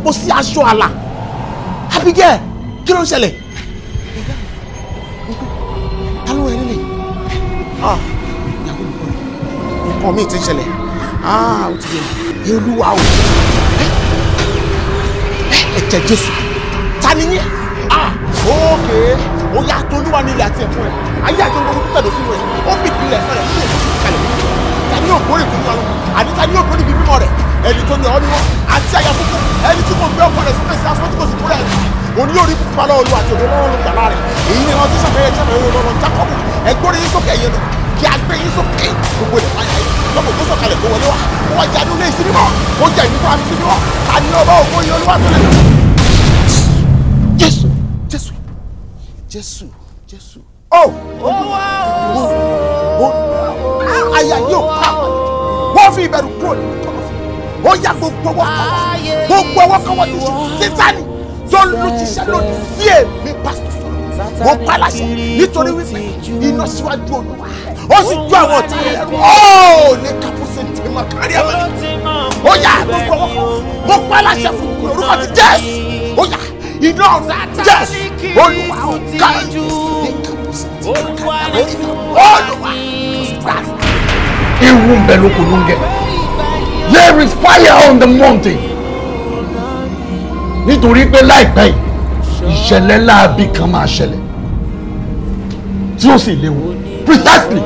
epo sí aṣọ àlà Abigail kí ló ń ṣẹlẹ̀ ta ló ń rìn lè nǹkan mi ti ń ṣẹlẹ̀ ah, ó ti yẹ olúwa o ẹ̀jẹ̀ Jésù ta ni yẹn ah, ókè ó yà tó olúwa nílẹ̀ àti ẹ̀fọ́ rẹ̀ ayé àti ohun tó tẹ̀dọ̀ fún rẹ̀ ó fi ìpìlẹ̀ fún rẹ̀ fún òkú kalẹ̀ ta ni yóò gbórí ìpínlẹ̀ ọ̀run àti ta ni yóò gbórí ìpínlẹ̀ rẹ̀ ẹni tó ní ọ níwọ àti àyà fúnfún ẹni tí mo gbé ọkọ rẹ sọfẹ sí asọtí kò sì tó rẹ òní yóò rí pupa lọ olú àti òdòdó lọrùn gbàlá rẹ èyí ni wọn ti sàfẹyẹ sàfẹyẹ lọrọ Jákọ́bù ẹgbọrọ yín sókè ẹyẹ lọ kí a gbé yín sókè gbogbo ẹ wáyà yìí lọkọ tó sọ̀kalẹ̀ tó wọlé wa kó wá jáde olé sí mímọ́ kó jẹ ìlú fún amísí mímọ́ àní ọba òkú yìí olúwa tó lẹ. Jésù oh! fi ìbẹ̀rù kúrò nínú t ó yá gbogbo ọwọ́ kọ́wọ́ gbogbo ọwọ́ kọ́wọ́ tó ṣe sítánì tó lù ti ṣe lòdì sí èmi pásítọ̀ mo pa láṣẹ nítorí wípé iná síwájú olùwà ó sì ju àwọn ọ̀tá rẹ̀ ó ní kápúsì tí mo kárí àmọ́ ó yá gbogbo ọwọ́ kọ́wọ́ mo pa láṣẹ fún orúkọ ti jésù ó yá iná ọ̀nà jésù olùwà ó ká ní kápúsì tí mo kárí àmọ́ olùwà ó sì pa. ewu ń bẹ lóko ló ń gẹ there is fire on the mountain nítorí pé láìpẹ́ ìṣẹ̀lẹ̀ láabi kan máa ṣẹlẹ̀ tí ó sì léwu precisely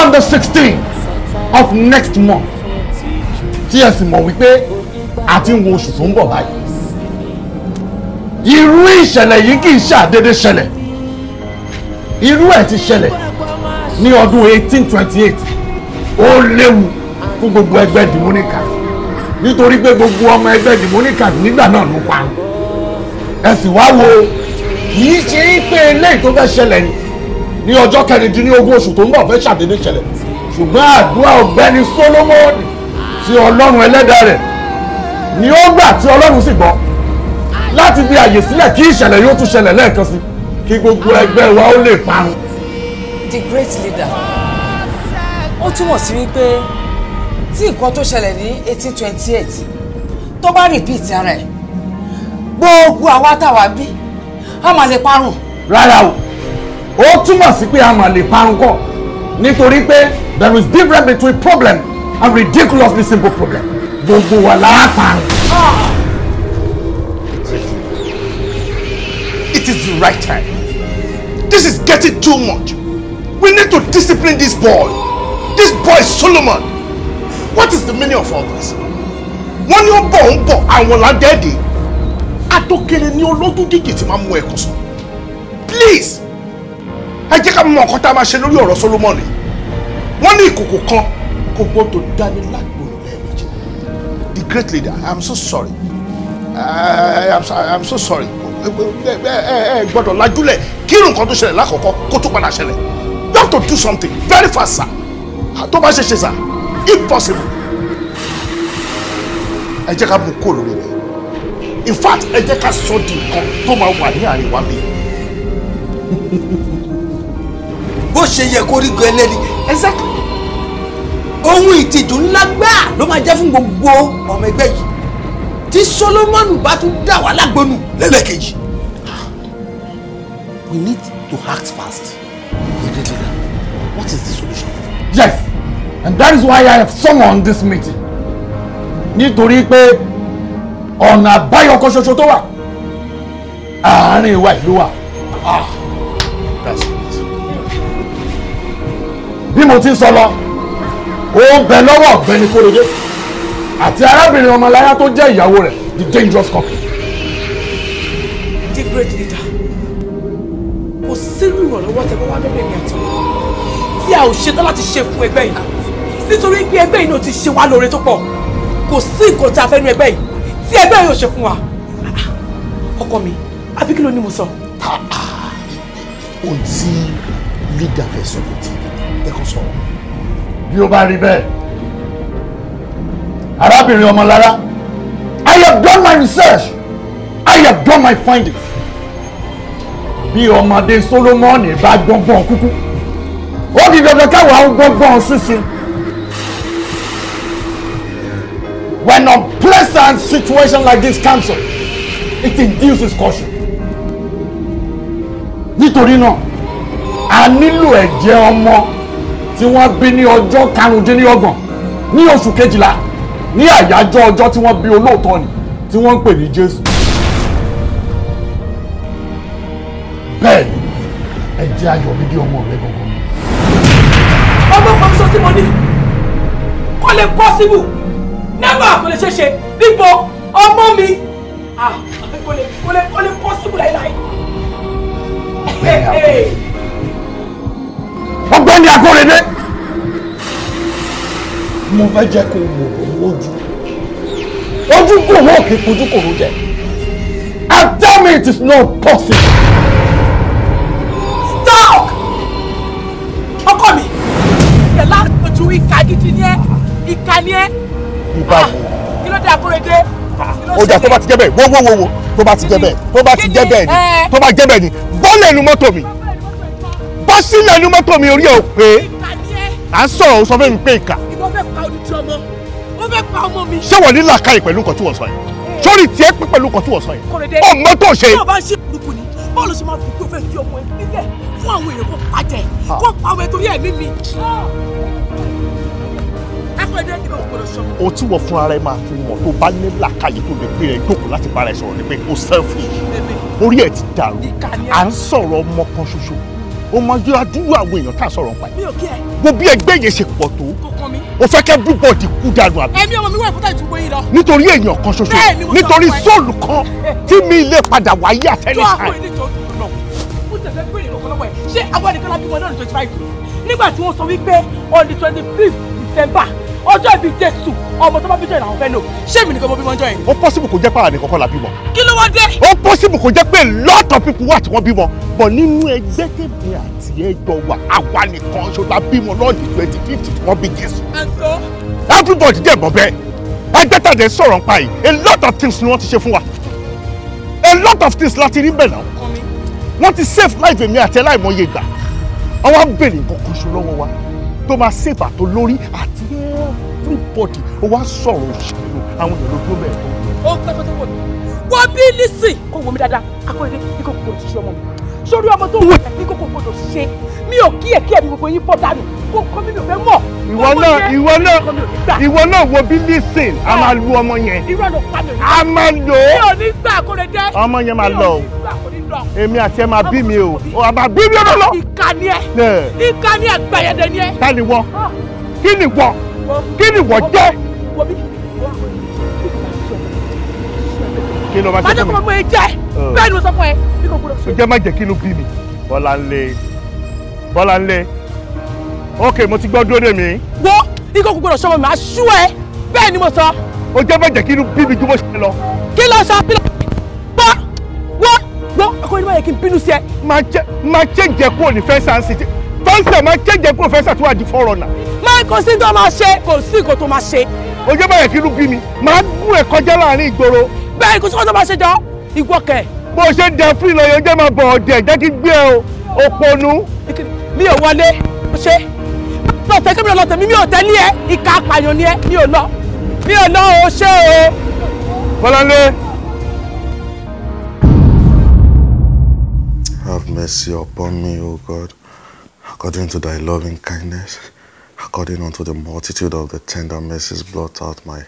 on the sixteenth of next month tí ẹ sì mọ̀ wípé a ti ń wo oṣù tó ń bọ̀ báyìí irú ìṣẹ̀lẹ̀ yìí kì í ṣàdédé ṣẹlẹ̀ irú ẹ̀ ti ṣẹlẹ̀ ní ọdún eighteen twenty eight ó léwu fún gbogbo ẹgbẹ́ dìmúnìkà nítorí pé gbogbo ọmọ ẹgbẹ́ dìmúnìkà nígbà náà ló pa ẹ sì wá wo kì ṣe é pé eléyìí tó fẹ́ ṣẹlẹ̀ ní ọjọ́ kẹrìndínlógún oṣù tó ń bọ̀ fẹ́ ṣàdédé ṣẹlẹ̀ ṣùgbọ́n àdúrà ọ̀gbẹ́ni Sólómọ́nì tí Ọlọ́run ẹlẹ́dàá rẹ̀ ni ó gbà tí Ọlọ́run sì gbọ́ láti fi àyè sílẹ̀ kí ìṣẹ̀lẹ̀ yóò tún ṣẹlẹ̀ lẹ́ẹ̀kan sí kí gbogbo ẹgbẹ́ wa ó lè parun. the great leader ó túmọ̀ sí wípé tí nǹkan tó ṣẹlẹ̀ ní eighteen twenty eight tó bá repeat ara ẹ̀ gbogbo àwa táwa bí a máa lè parun. rárá o ó túmọ̀ sí pé a máa lè parun kọ́ nítorí pé there is difference between problem and ridiculously simple problem gbogbo wa là á parun. it is the right time this is getting too much we need to discipline this boy this boy Solomon. What is the meaning of all this? Wọ́n ní ó bọ̀ ń bọ̀ àwọn ládẹ́ẹ̀dẹ́. Atókèrè ni olójú jíjì ti máa mú ẹ̀kọ́ sùn. Please! Ẹ jẹ́ ká mọ nǹkan tá a máa ṣe lórí ọ̀rọ̀ Sólómọ́nì. Wọ́n ní ìkòkò kan kò gbọ́dọ̀ dání lágbòrò lẹ́ẹ̀mejì. The great leader, I am so sorry. I am so, I am so sorry. Ẹ gbọ́dọ̀ lajúlẹ̀ kí irú nǹkan tó ṣẹlẹ̀ lákọ̀ọ́kọ́ kó tó padà ṣẹlẹ̀. You have to do something very fast sir. Tó bá ṣe ṣe sir impossible ẹ jẹ́ ká mú kó lórí mi in fact ẹ jẹ́ ká sọ di nǹkan tó máa wà ní àríwá mi. bó ṣe yẹ kó rí gan ẹlẹ́ni exactly ohun ìtìjú ńlá gbáà ló máa jẹ́ fún gbogbo ọmọ ẹgbẹ́ yìí tí Solomoni bá tún dà wá lágbónú lẹ́lẹ́kejì. we need to act fast. immediately now what is the solution. yes and that is why I have summoned this meeting nítorí pé ọ̀nà àbáyọ kan ṣoṣo tó wà àárín ìwà ìlú wa ah, bí mo ti ń sọ lọ ó ń bẹ lọ́wọ́ ọ̀gbẹ́ni kórede àti arábìnrin ọmọláyà tó jẹ́ ìyàwó rẹ̀ the dangerous couple. the great leader kò sírú ìrànlọ́wọ́ tẹ́ bá wá lórí èmi àtọ́ tí a ò ṣetán láti ṣe fún ẹgbẹ́ yìí nítorí pé ẹgbẹ́ yìí náà ti ṣe wá lóore tó pọ̀ kò sí nǹkan tá a fẹ́ nu ẹgbẹ́ yìí tí ẹgbẹ́ yìí ò ṣe fún wa ọkọ mi àbí kí ló ní mo sọ. ohun tí leader fẹ́ sọ kò tí ẹ̀kọ́ sọ. bí ó bá rí bẹ́ẹ̀ arábìnrin ọmọlára I have done my research I have done my finding bí ọmọdé Solomoni bá gbọ́ngbọ́n kúkú ó di dandan káwọn gbọ́ngbọ́n sísìn. When unpleasant situation like this comes up, it induces caution. Nítorí náà, a nílò ẹ̀jẹ̀ ọmọ tí wọ́n bí ní ọjọ́ karùndínlọ́gbọ̀n ní oṣù kejìlá ní àyájọ́ ọjọ́ tí wọ́n bí olóòtọ́ ni tí wọ́n ń pè ní Jésù. Bẹ́ẹ̀ni, ẹ̀jẹ̀ ayọ̀ mi dé ọmọ rẹ gbọ̀ngàn. Ọmọ kan sọ tí mo ní, kò lè possible nẹ́gbà kò lè ṣeéṣe níbo ọmọ mi ah, kò lè kò lè kò lè possible láíláí. ọ̀gbẹ́ni akóredé mo fẹ́ jẹ́ kó wò ó lójú ojú kò wọ́n kì í kojú kò ló jẹ and tell me it is not possible. stop ọkọ mi ìyẹn láti ojú ìka gidi ni ẹ ìka ni ẹ ìbàwò. Ah, kí ló dé Akóredé. ọjà ah, tó bá ti jẹ́ bẹ́ẹ̀ wo wo wo wo tó bá ti jẹ́ bẹ́ẹ̀ tó bá ti jẹ́ bẹ́ẹ̀ ni eh. tó bá jẹ́ bẹ́ẹ̀ ni bọ́ọ̀lù ẹnu mọ́tò mi bọ́ sílẹ̀ ẹnu mọ́tò mi orí ẹ̀ ò pé à ń sọ̀rọ̀ o sọ fún mi pé ìkà. ìwọ fẹ́ ṣé wọ́n ní làákàyè pẹ̀lú nǹkan tí wọ́n sọ yìí eh. sórí tiẹ̀ pé pẹ̀lú nǹkan tí wọ́n sọ yìí. Kòrédé ọ̀ mọ́tò ṣe. bọ́ọ̀lù ṣe máa fi tó fẹ́ fi ọmọ ẹ nílẹ̀ fún àwọn èèyàn kó pàjẹ́ kó pàwẹ́ o tí wọ́n fún ara ẹ máa fún wọn tó bá ní làkàyè tó lè gbé rẹ jókòó láti bá rẹ sọ̀rọ̀ ni pé o selfish orí ẹ ti dàrú à ń sọ̀rọ̀ ọmọ kan ṣoṣo o máa yọ adúrú àwọn èèyàn tá a sọ̀rọ̀ nípa ẹ̀ wo bí yẹn ṣe pọ̀ tó o fẹ́ kẹ́ everybody kú dànù àbí. ẹ̀mí ọmọ mi wà ìfúta ìtúgbó yìí lọ. nítorí èèyàn kan ṣoṣo nítorí sóòlù kan tí mi ilé padà wáyé àtẹlẹ kan. ṣé àwọn ẹnìkan lábí wọn náà ní twenty five nígbà tí wọ́n sọ wípé on the twenty fifth December ọjọ́ ìbí jésù ọmọ tó bá bí jọ ìlànà fẹ́ lò ṣé èmi nìkan mo bímọ ọjọ́ yẹn. ó pọ́sibù kò jẹ́ pé àwọn nìkan la bímọ. kí ló wá dé. ó pọ́sibù kò jẹ́ pé lot of people wà tí wọ́n bímọ bọ̀ nínú ẹgbẹ́ tèmi àti ẹjọ́ wa àwa nìkan ṣo la bímọ lọ́ọ̀dì twenty fifty tí wọ́n bí jésù. ẹ̀sọ́. everybody dẹ̀ mọ̀ bẹ́ẹ̀ ẹgbẹ́ tàdé sọ̀rọ̀ nípa yìí a lot of things ni wọ́n ti ṣe fún a lot of things láti rí bẹ̀ náà wọ́n ti save life èmi àti ẹláìmọye gbà àwọn abèrè nǹkan kan ṣo lọ́wọ́ wa tó máa ṣèbà tó lórí àti everybody ó wá sọ̀rọ̀ òṣèlú àwọn èèyàn lójú bẹ́ẹ̀ tó. ó pẹ́ tó tó wọ̀ mí wọ́n bí nísìn kó wo mi dáadáa akóyèdè ikú kò ṣiṣẹ́ ọmọ mi sórí ọmọ tó wù ẹ́ ní kókó gbọdọ̀ ṣe mi ò kí èké mi gbogbo yín bọ́ dànù kó kọ́ mi ò fẹ́ mọ̀. ìwọ náà ìwọ náà ìwọ náà wo bí lisin a máa lu ọmọ yẹn a máa lò ó ọmọ yẹn máa lọ o èmi àti ẹ máa bí mi o a máa bí mi ọ̀nà lọ. ìkànnì ẹ ìkànnì ẹ gbẹ̀yẹ̀dẹ̀ ni ẹ. ta ni wọ ah. kí ni wọ kí ni wọ jẹ. kí ló máa ṣe fún mi. bàtà kò mọ ẹ jẹ bẹ́ẹ̀ ni mo sọ fún ẹ ó jẹ́ má jẹ́ kí inú bí mi. Bọ́láńlé Bọ́láńlé ok mo ti gbọ́ dúró dè mí. wo ikọ̀ kúkúrọ̀ sọ́mọ mi aṣú ẹ bẹ́ẹ̀ ni mo sọ. ó jẹ́ má jẹ́ kí inú bí mi ju bó ṣe lọ. kí ló sọ kí ló bọ́ wọ́ wọ́ ọkọ ìdí má yẹ kí n bínú sí ẹ. máa jẹ máa jẹ jẹ kúrò ní fẹsánsì fẹsẹ máa jẹ jẹ kúrò fẹsẹ tó wà di fọrọ náà. máa kò sí tó máa ṣe kò sí nǹkan tó máa ṣe. ojú bá yẹ kí inú bí mi máa gún ẹ kọjá láàrin ìgboro. bẹ́ẹ̀ kò sí kó tó máa ṣe jọ ìwọ bó ṣe ń jẹ fún ìlọyọ jẹ́ máa bọ̀ ọ̀dẹ̀ jẹ́ kí gbé o òpònú. mi ò wọlé ṣe lọ tẹ kébìrì lọ tẹmí mi ò tẹlé ẹ ìka apààyàn ni ẹ mi ò lọ mi ò lọ o ṣe o. Bọ́láńlé. Have mercy upon me, O God, according to thy loving kindness, according unto the multitude of the tender mercies, blot out my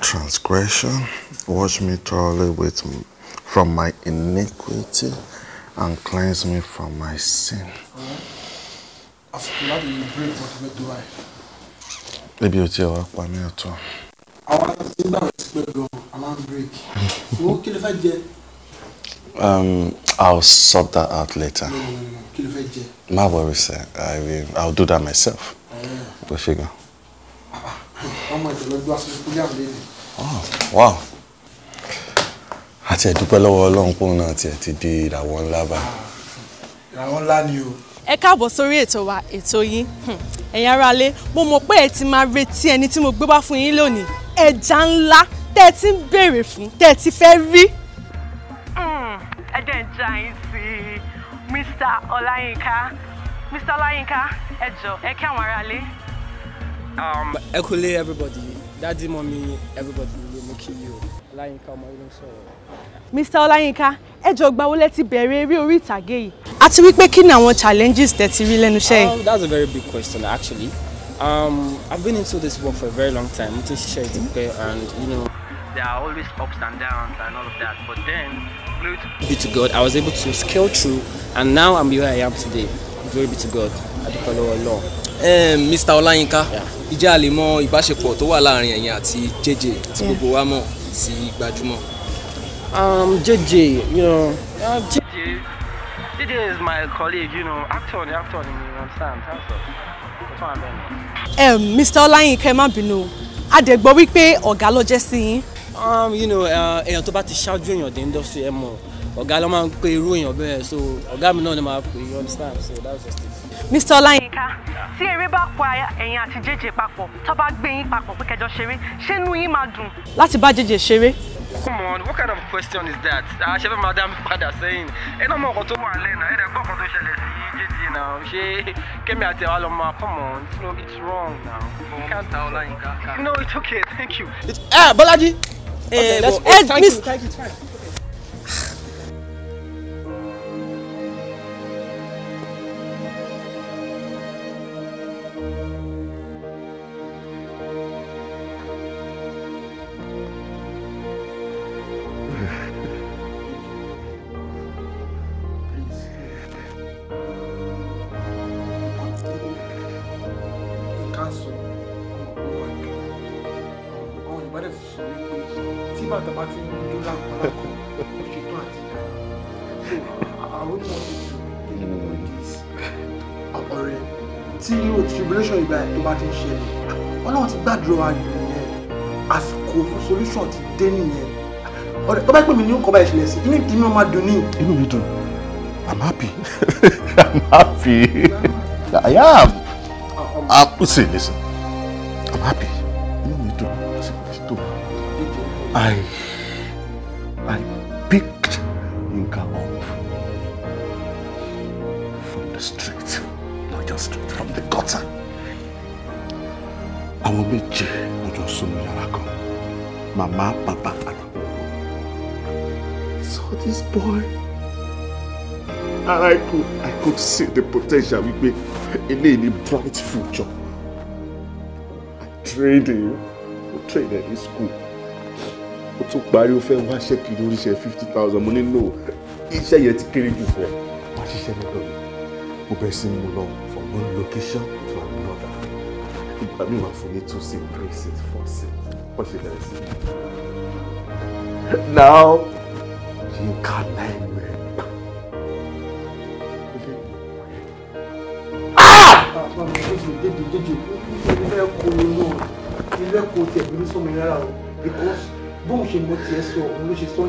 transgression. Wash me thoroughly with from my iniquity and cleanse me from my sin. As bloody you break, what do I? Ebi o ti ẹ wá pa mí ọ̀tọ̀. Àwọn tí ń gbàgbé sí pẹ̀lú alarm break. Wo kí ló fẹ́ jẹ? Um, I'll sort that out later. No, no, no. Kí ló fẹ́ jẹ? Má worry sir, I will, I'll do that myself. Go eh. figure. Ah, ah. Ọmọ ìjọba gbé aṣojú kúlẹ̀ àlejò. Oh, wow àti ẹ̀dúpẹ́ lọ́wọ́ ọlọ́run pòun náà tiẹ̀ ti di ìràwọ̀ ńlá báyìí. ìràwọ̀ ńlá ni o. ẹ káàbọ̀ sórí ètò wa ètò yín hmm. ẹ̀yin aráalé mo mọ̀ pé ẹ ti máa retí ẹni tí mo gbé wá fún yín lónìí ẹja ńlá tẹ́ ẹ ti ń béèrè fún tẹ́ ẹ ti fẹ́ rí. Hmm, ẹ jẹ́ ìjà yín sí Mr. Ọláyínká Mr. Ọláyínká ẹ jọ ẹ kí àwọn aráalé. Um, ẹ kú everybody dádì mọ́ mi everybody ló mú kí yìí o Ọláyínká ọmọ ilé ń sọ̀rọ̀. Mr. Ọláyínká ẹ jọ gbà wo lẹ ti bẹ̀rẹ̀ eré orí ìtàgé yìí àti wípé kí ni àwọn challenges tẹ́ ti rí lẹ́nu iṣẹ́ yìí. Um, that's a very big question actually um, I've been into this work for a very long time mo ti ṣiṣẹ́ ìdípẹ́ and you know. there are always ups and downs and all of that but then glory be to God I was able to scale through and now I'm where I am today glory be to God adúpẹ́ lọ́wọ́ Ọlọ́run. Mr. Ọláyínká ìjà lè mọ ìbáṣepọ̀ tó wà láàrin ẹ̀yin àti jẹ́jẹ́ tí gbogbo wa mọ̀ sí gbajúmọ̀ um, JJ, you know. Uh, um, JJ, JJ is my colleague, you know, actor on the actor, you understand? That's what I'm doing. Um, Mr. Olayinka, ẹ má bínú, a dẹ̀ gbọ́ wípé ọ̀gá ló jẹ́ sí Um, you know, uh, èèyàn tó bá ti ṣáájú èèyàn dé industry ẹ̀ mọ̀, ọ̀gá ló máa ń pe irú èèyàn bẹ́ẹ̀, so ọ̀gá mi náà ni màá pè, you understand? So that's was just it. Mr. Ọláyínká tí eré bá pa ẹ̀yin àti jẹ́jẹ́ papọ̀ tó bá gbé yín papọ̀ pé kẹjọ ṣeré ṣé inú yín máa dùn. láti bá jẹ́jẹ́ ṣeré. come on what kind of question is that àṣẹ ah, fẹ́ Madam, dá mi padà sẹ́yìn ẹ náà mọ ọkọ tó wà lẹ́nu ẹ dẹ̀ gbọ́ ọkọ tó ṣẹlẹ̀ sí jẹ́jẹ́ náà ṣé kẹ́mi àti àwa lọ máa come on you know it's wrong now. you can't tell Ọláyínká. no it's okay thank you. ẹ eh, Bọ́lájí. ẹ ẹ eh, thank you thank you. nǹkan báyìí ṣẹlẹ̀ sí inú ìdí náà máa dùn ní. inú i'm happy i'm happy i am ah, i'm see listen i'm happy inú mi dùn àsìkò i. and I could I could see the potential wípé eléyìí ní bright future I trained you mo train ẹ ní school ó tún parí ó fẹ́ wá ṣẹ́kì lóríṣẹ́ fifty thousand mo ní no he yẹn ti kéré jù fún ẹ wá ṣiṣẹ́ lọ́dọ̀ mi mo bẹ̀rẹ̀ sí mú from one location to another ìgbà mi wà fún ní two six three six four six wọ́n ṣe bẹ̀rẹ̀ sí. now you can nightmare. bá mi jẹjẹ jẹjẹ jẹjẹ èmi fẹ́ kó o lọ èmi kó o tẹ̀ bínú sọmi rárá o because bóun ṣe mo tiẹ̀ sọ òun ló ṣe sọ o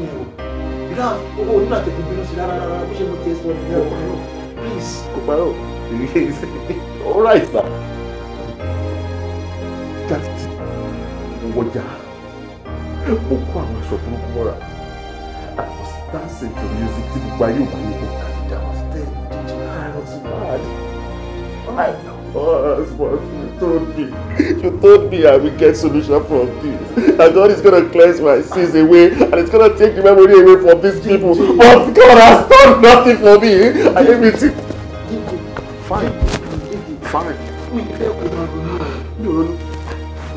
ìdá owó onílà tẹ̀ bínú sí rárá rárá bó ṣe mo tiẹ̀ sọ ìyá náà please. kò parọ́ èmi ṣe é ṣe all right sir. jáde wọjà mo kó àwọn aṣọ burúkú mọ́ra I was dancing music tí gbogbo ayé òkú yìí kò kàdé I was dead I was mad. All right now. Oh, husband, you told me. You told me I will get solution from this. And God is gonna cleanse my sins away. And it's gonna take the memory away from these people. But God has done nothing for me. I gave it to... Fine. Fine.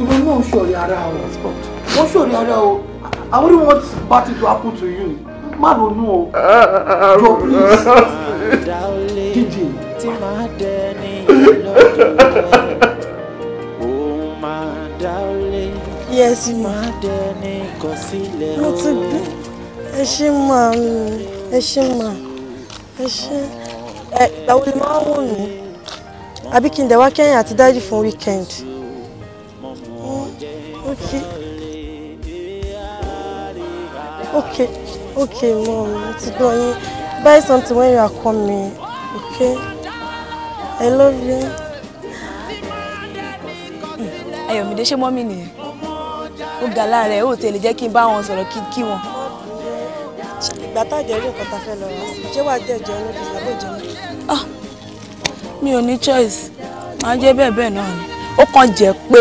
Ìrònú ò ṣòrí ara o. Wọ́n ṣòrí ara o. I wouldn't want bad thing to happen to you. Má ronú o. Jọ ah, ah, ah, please. Dídì. Yes, ma. Mo ti gbé. Ẹ ṣe máa ń ẹ ṣe máa ẹ ṣe. Ẹ ìgbàwo ni máa ń wò mí? Àbí kí n dẹ̀ wá kẹ́yìn àti dájú fún weekend? Hmm, okay. Okay. ok, mom, mo ti gbọ́ yín. Buy something when you are coming, okay? I love you. Ayọ̀mídé ṣé mọ́mí nìyẹn? Ó ga láàárẹ̀ ẹ̀ ó tẹ̀lé jẹ́ kí n bá wọn sọ̀rọ̀ kí wọn. Ìgbà tá àjẹrí nǹkan ta fẹ́ lọ rà sí, ṣé wàá jẹ́ ìjọ olóòtú ìsàbò mi? Ah, mi ò choice, màá jẹ́ bẹ́ẹ̀ bẹ́ẹ̀ náà ni. Ó kàn jẹ́ pé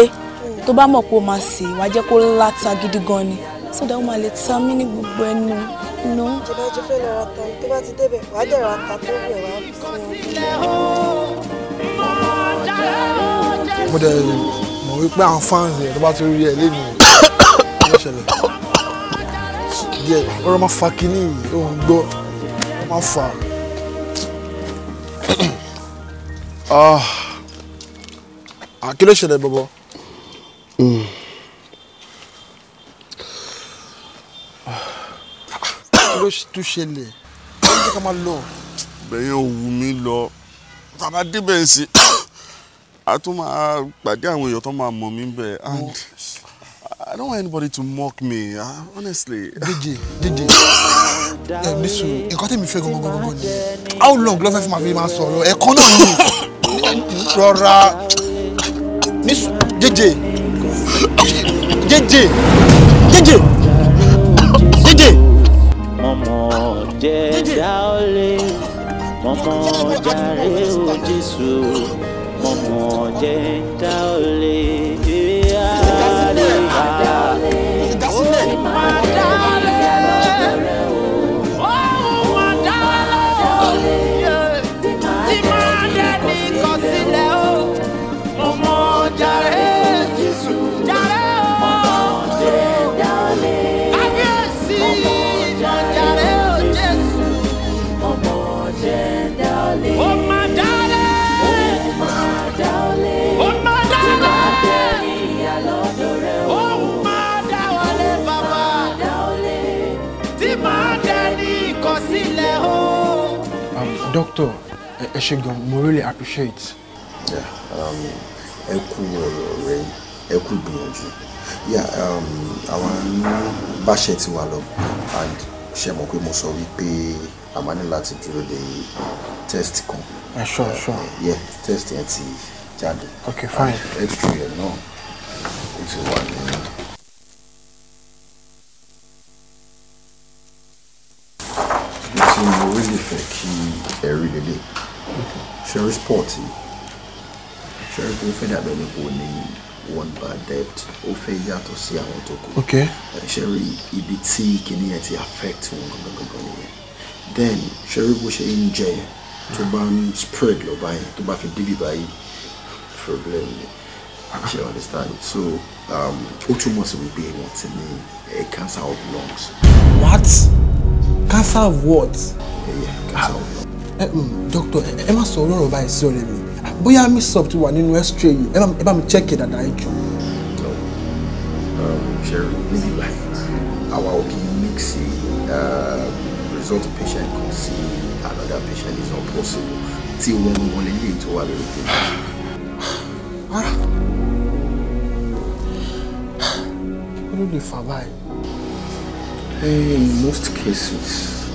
tó bá mọ̀ pé o máa sè é, wàá jẹ́ kó láta gidi gan ni. Sọ́dọ̀ ó ta mí ní gbogbo ẹnu nù. ìjọba ẹjọ mo dẹ̀ mọ̀ àwọn fans yẹn tó bá ti rí ẹ lẹ́nu ló ṣẹlẹ̀ díẹ̀ ọ̀rọ̀ máa fa kínní òun gbọ́ máa fa. Ah, kí ṣẹlẹ̀ bọ̀bọ̀. Hmm. tó ṣẹlẹ̀ ó ń jẹ́ máa lọ. bẹ́ẹ̀ ò wù mí lọ bàbá débẹ̀ ń sìn a tún máa pàdé àwọn èèyàn tó máa mọ̀ mí bẹ́ẹ̀ and I don't want anybody to mock me ah, honestly. díje díje ẹ ní sùn nǹkan tẹ̀mí fẹ́ gangan gangan ni how long ló fẹ́ fún ma fi máa sọ̀rọ̀ ẹ̀kọ́ náà ni rọra ní sùn díje díje díje. jẹ̀dá ó lè mọ̀mọ́ jàre ó Jésù mọ̀mọ́ jẹ̀dá ó Doctor, ẹ ṣé gan, really appreciate. Yeah, um, ẹ kú ọ̀rọ̀ rẹ, Yeah, um, àwọn báṣẹ ti wà lọ and ṣe mọ̀ pé mo sọ wípé a máa ní láti dúró de test kan. Ẹ ṣọ ẹ ṣọ. Yeah, test yẹn ti jáde. Okay, fine. Extra no. It's ó ti tí mo rí fẹ́ kí ẹ rí lélẹ̀ ṣẹ́rí sport ṣẹ́rí kò fẹ́ dàbẹ̀ ní kò ní one bad debt ó fẹ́ yàtọ̀ sí àwọn tó kù ṣẹ́rí ibi tí kìíní yẹn ti affect wọn gangan nìyẹn then ṣẹ́rí bó ṣe ń jẹ tó bá ń spread lọ báyìí tó bá fi débi báyìí problem ni ṣe understand so um, ó túmọ̀ sí wípé wọ́n ti ní eh, cancer of lungs. what? cancer what? Eh, um, doctor eh, ẹ má sọ ọlọ́run báyìí sí ọ̀rẹ́ mi bóyá miss up ti wà nínú x-ray yìí ẹ bá mi check dáadáa ẹ jù. Um, Sherry níbí báyìí àwa ò kì í mix uh, result patient kan see another patient is not possible tí wọ́n wọ́n lè lè tó wà lórí tèmi. kí ló lè fà báyìí in most cases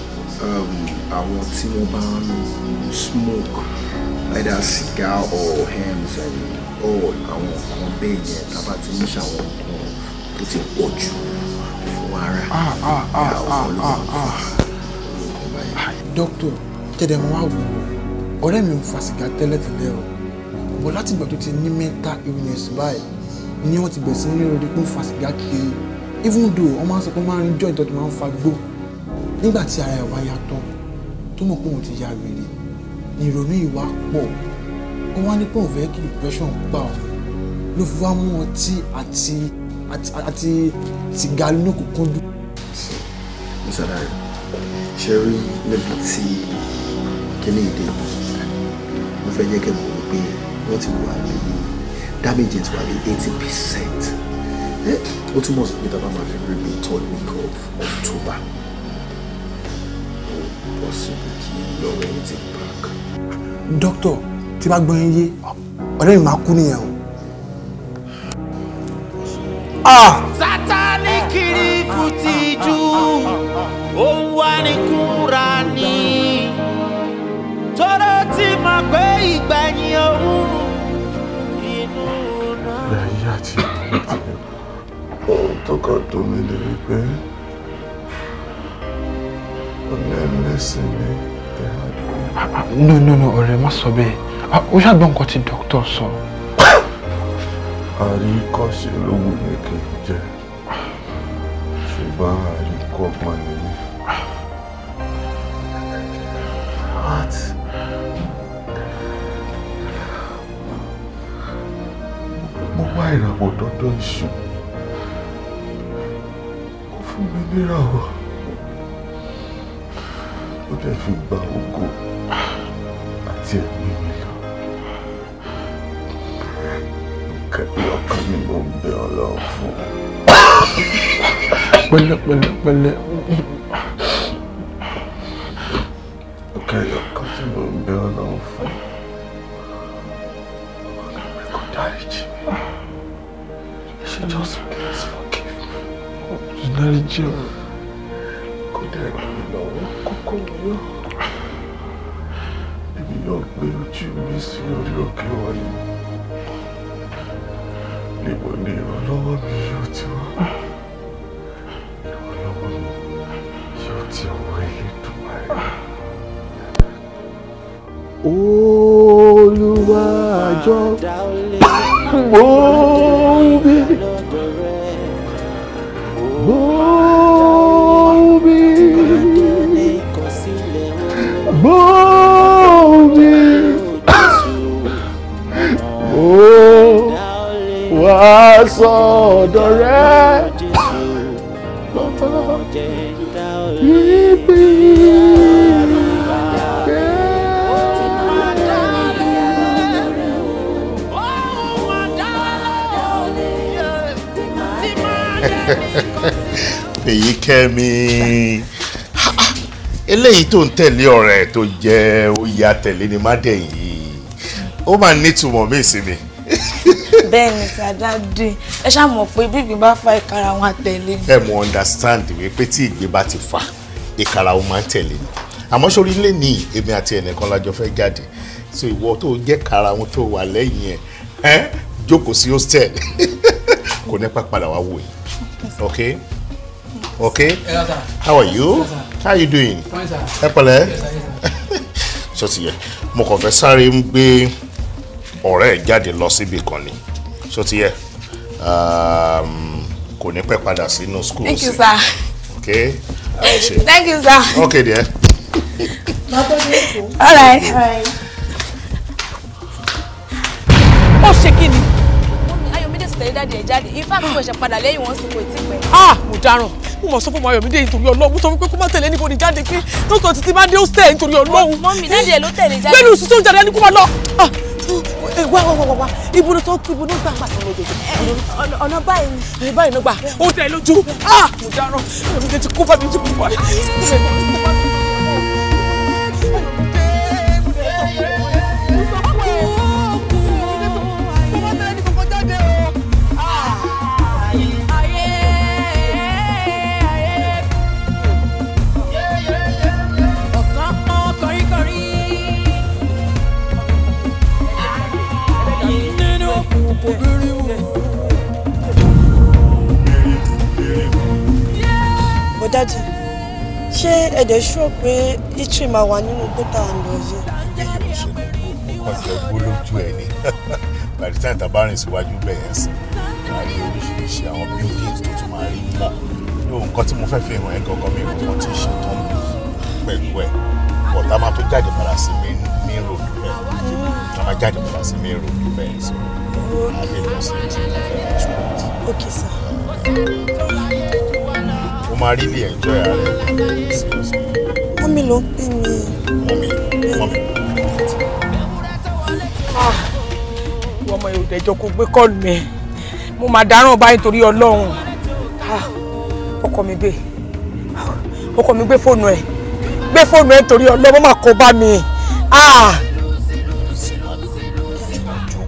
um, àwọn tí wọ́n bá ń smoke either cigar or hems All àwọn nǹkan bẹ́ẹ̀ yẹn tábà ti ń ṣàwọn nǹkan tó ti pọ̀ jù fún ara ah, ah, ah, ìyàwó ọlọ́run nǹkan báyìí. dókítà tẹ̀dẹ̀ wọn wá wò ọ̀rẹ́ mi ń fa sìgá tẹ́lẹ̀tẹ́lẹ̀ o bọ̀ látìgbà tó ti ní mental illness báyìí ni wọ́n ti bẹ̀rẹ̀ sí ní rẹ̀ pé ń fa sìgá kiri even though ọmọ sọ pé máa ń jọ ìtọ́jú máa ń fa gbó nígbà tí ara ẹ̀ wá yàtọ̀ tó mọ̀ pé òun ti ya wèrè ní ìrònú ìwà pọ̀ ó wá ní pé òun fẹ́ kí depression gbà ọ́ ló fi wá mú ọtí àti àti sìgá lónìí kò kúndùn. ìsàlàyé ṣe rí níbi tí kíní ìdè mo fẹ́ jẹ́ kẹ́ mọ̀ wípé wọ́n ti wà ní damage wà ní eighty percent ó túmọ̀ sí pé tá a bá máa third week of October ó possible kí lọ́rọ̀ yìí ti park. dókítà tí bá gbọ́n yé ọ̀rẹ́ mi máa kú nìyẹn o. Ah! sátani kiri kù tìjú ó ń ní kúra ní tọ́lá ti máa pé ìgbẹ̀yìn òun inú náà. ìyá àti ìyá àti ìyá ohun tó kàn tó mi ni wípé ọ̀nà ẹlẹ́sìn ni ìhà ah, ah, no no no ọ̀rẹ́ má sọ bẹ́ẹ̀ ah, ó ṣàgbọ́n nǹkan tí dókítà sọ. àríkọ́ṣe lóògùn ni kì í jẹ ṣùgbọ́n àríkọ́gbọ́n ni mí. What? mo wá ìràwọ̀ dọ́dọ̀ ìṣùn. níràwọ̀ ó dẹ̀ fi gba ògo àti ẹ̀mí mi lọ. kẹ́bí ọkàn ni mo ń bẹ ọlọ́run fún. pẹ̀lẹ́pẹ̀lẹ́pẹ̀lẹ́ kẹ́bí ọkàn tí mo ń bẹ ọlọ́run dáríjì òun kò dẹ̀ ràn mí lọ́wọ́ kókó mìíràn. Èmi náà gbé ojú mi sí orí òkè wọ̀nyí. Níbo ni ìrànlọ́wọ́ eléyìí tó ń tẹ̀lé ọ̀rẹ́ tó jẹ́ oyè atẹ̀lé ni mádẹ́yìn yìí ó máa nítumọ̀ mí ìsinmi. bẹ́ẹ̀ni sàdáàdì ẹ ṣáà mọ̀ pé bíbí bá fa ìkara wọn àtẹ̀lé. ẹ mọ understand wípé tí ìgbé bá ti fa ìkara wọn máa ń tẹ̀lé ni àmọ́ sórí ilé ní èmi àti ẹnìkan lájọ fẹ́ jáde so ìwọ tó jẹ́ kara wọn tó wà lẹ́yìn ẹ jókòó sí hostel kò ní pa wá wò yìí okay okay how are you how you doing? sir. ẹ pẹ̀lẹ́ ṣó ti yẹ mo kàn fẹ́ sáré ń gbé ọ̀rẹ́ ẹ̀ jáde lọ síbi kan ni ṣó ti yẹ um, kò ní pẹ́ padà sínú school. thank you sir. okay. thank you sir. okay dear. all right. All right. ó ṣe kí ni. ayọ̀mídé sì tẹ̀lé dáadé ẹ̀ jáde ifá mi kò ṣe padà lẹ́yìn wọn sì kò tí pẹ́. ah mo dáràn mo mọ̀ sọ fún Mayọ̀mídé nítorí Ọlọ́run sọ fún pé kó má tẹ̀lé anybody jáde pé dókítà títí má dé ó tẹ̀ nítorí Ọlọ́run. mọ́mí dáàdì ẹ̀ ló tẹ̀lé jáde. bẹ́ẹ̀ni òṣìṣẹ́ oúnjẹ rẹ̀ kó máa lọ ah, eh, wá wá wá wá ibo ló tó kú ibo ló gbà pàtó lójoojúmọ́. Eh, ọ̀nà báyìí báyìí ló gbà ó tẹ̀ lójú ah, mo dáná èmi obìnrin wù. bọ́dájì ṣé ẹ̀dẹ̀ ṣúọ̀ pé itri máa wà nínú gbọ́tà àlọ́ yìí. ọjọ́ gbólójú ẹ̀ ni by the time tabarin síwájú bẹ̀rẹ̀ sí máa rí oríṣiríṣi àwọn buildings tó tún máa rí mọ́ yóò nǹkan tí mo fẹ́ fi hàn ẹ́ gangan mi nǹkan tí ṣe tán pẹ̀lú ẹ̀ bọ̀tá máa tó jáde padà sí mi nù main road bẹ́ẹ̀ a jáde padà sí main road bẹ́ẹ̀ so a lè lọ sí ìjìnlẹ̀ restaurant. ok sir. o máa really enjoy ara rẹ seriously. mọ́mí ló ń pè mí. mọ́mí mọ́mí. Ah, ọmọ ìròdẹ̀ ìjọ kò gbé kọ́ọ̀lù mi mo máa dáràn báyìí torí ọlọ́run ah, ọkọ mi gbé ah, ọkọ mi gbé fóònù ẹ̀ gbé fóònù ẹ̀ torí ọlọ́run máa kó bá mi ìrìnàjò ah!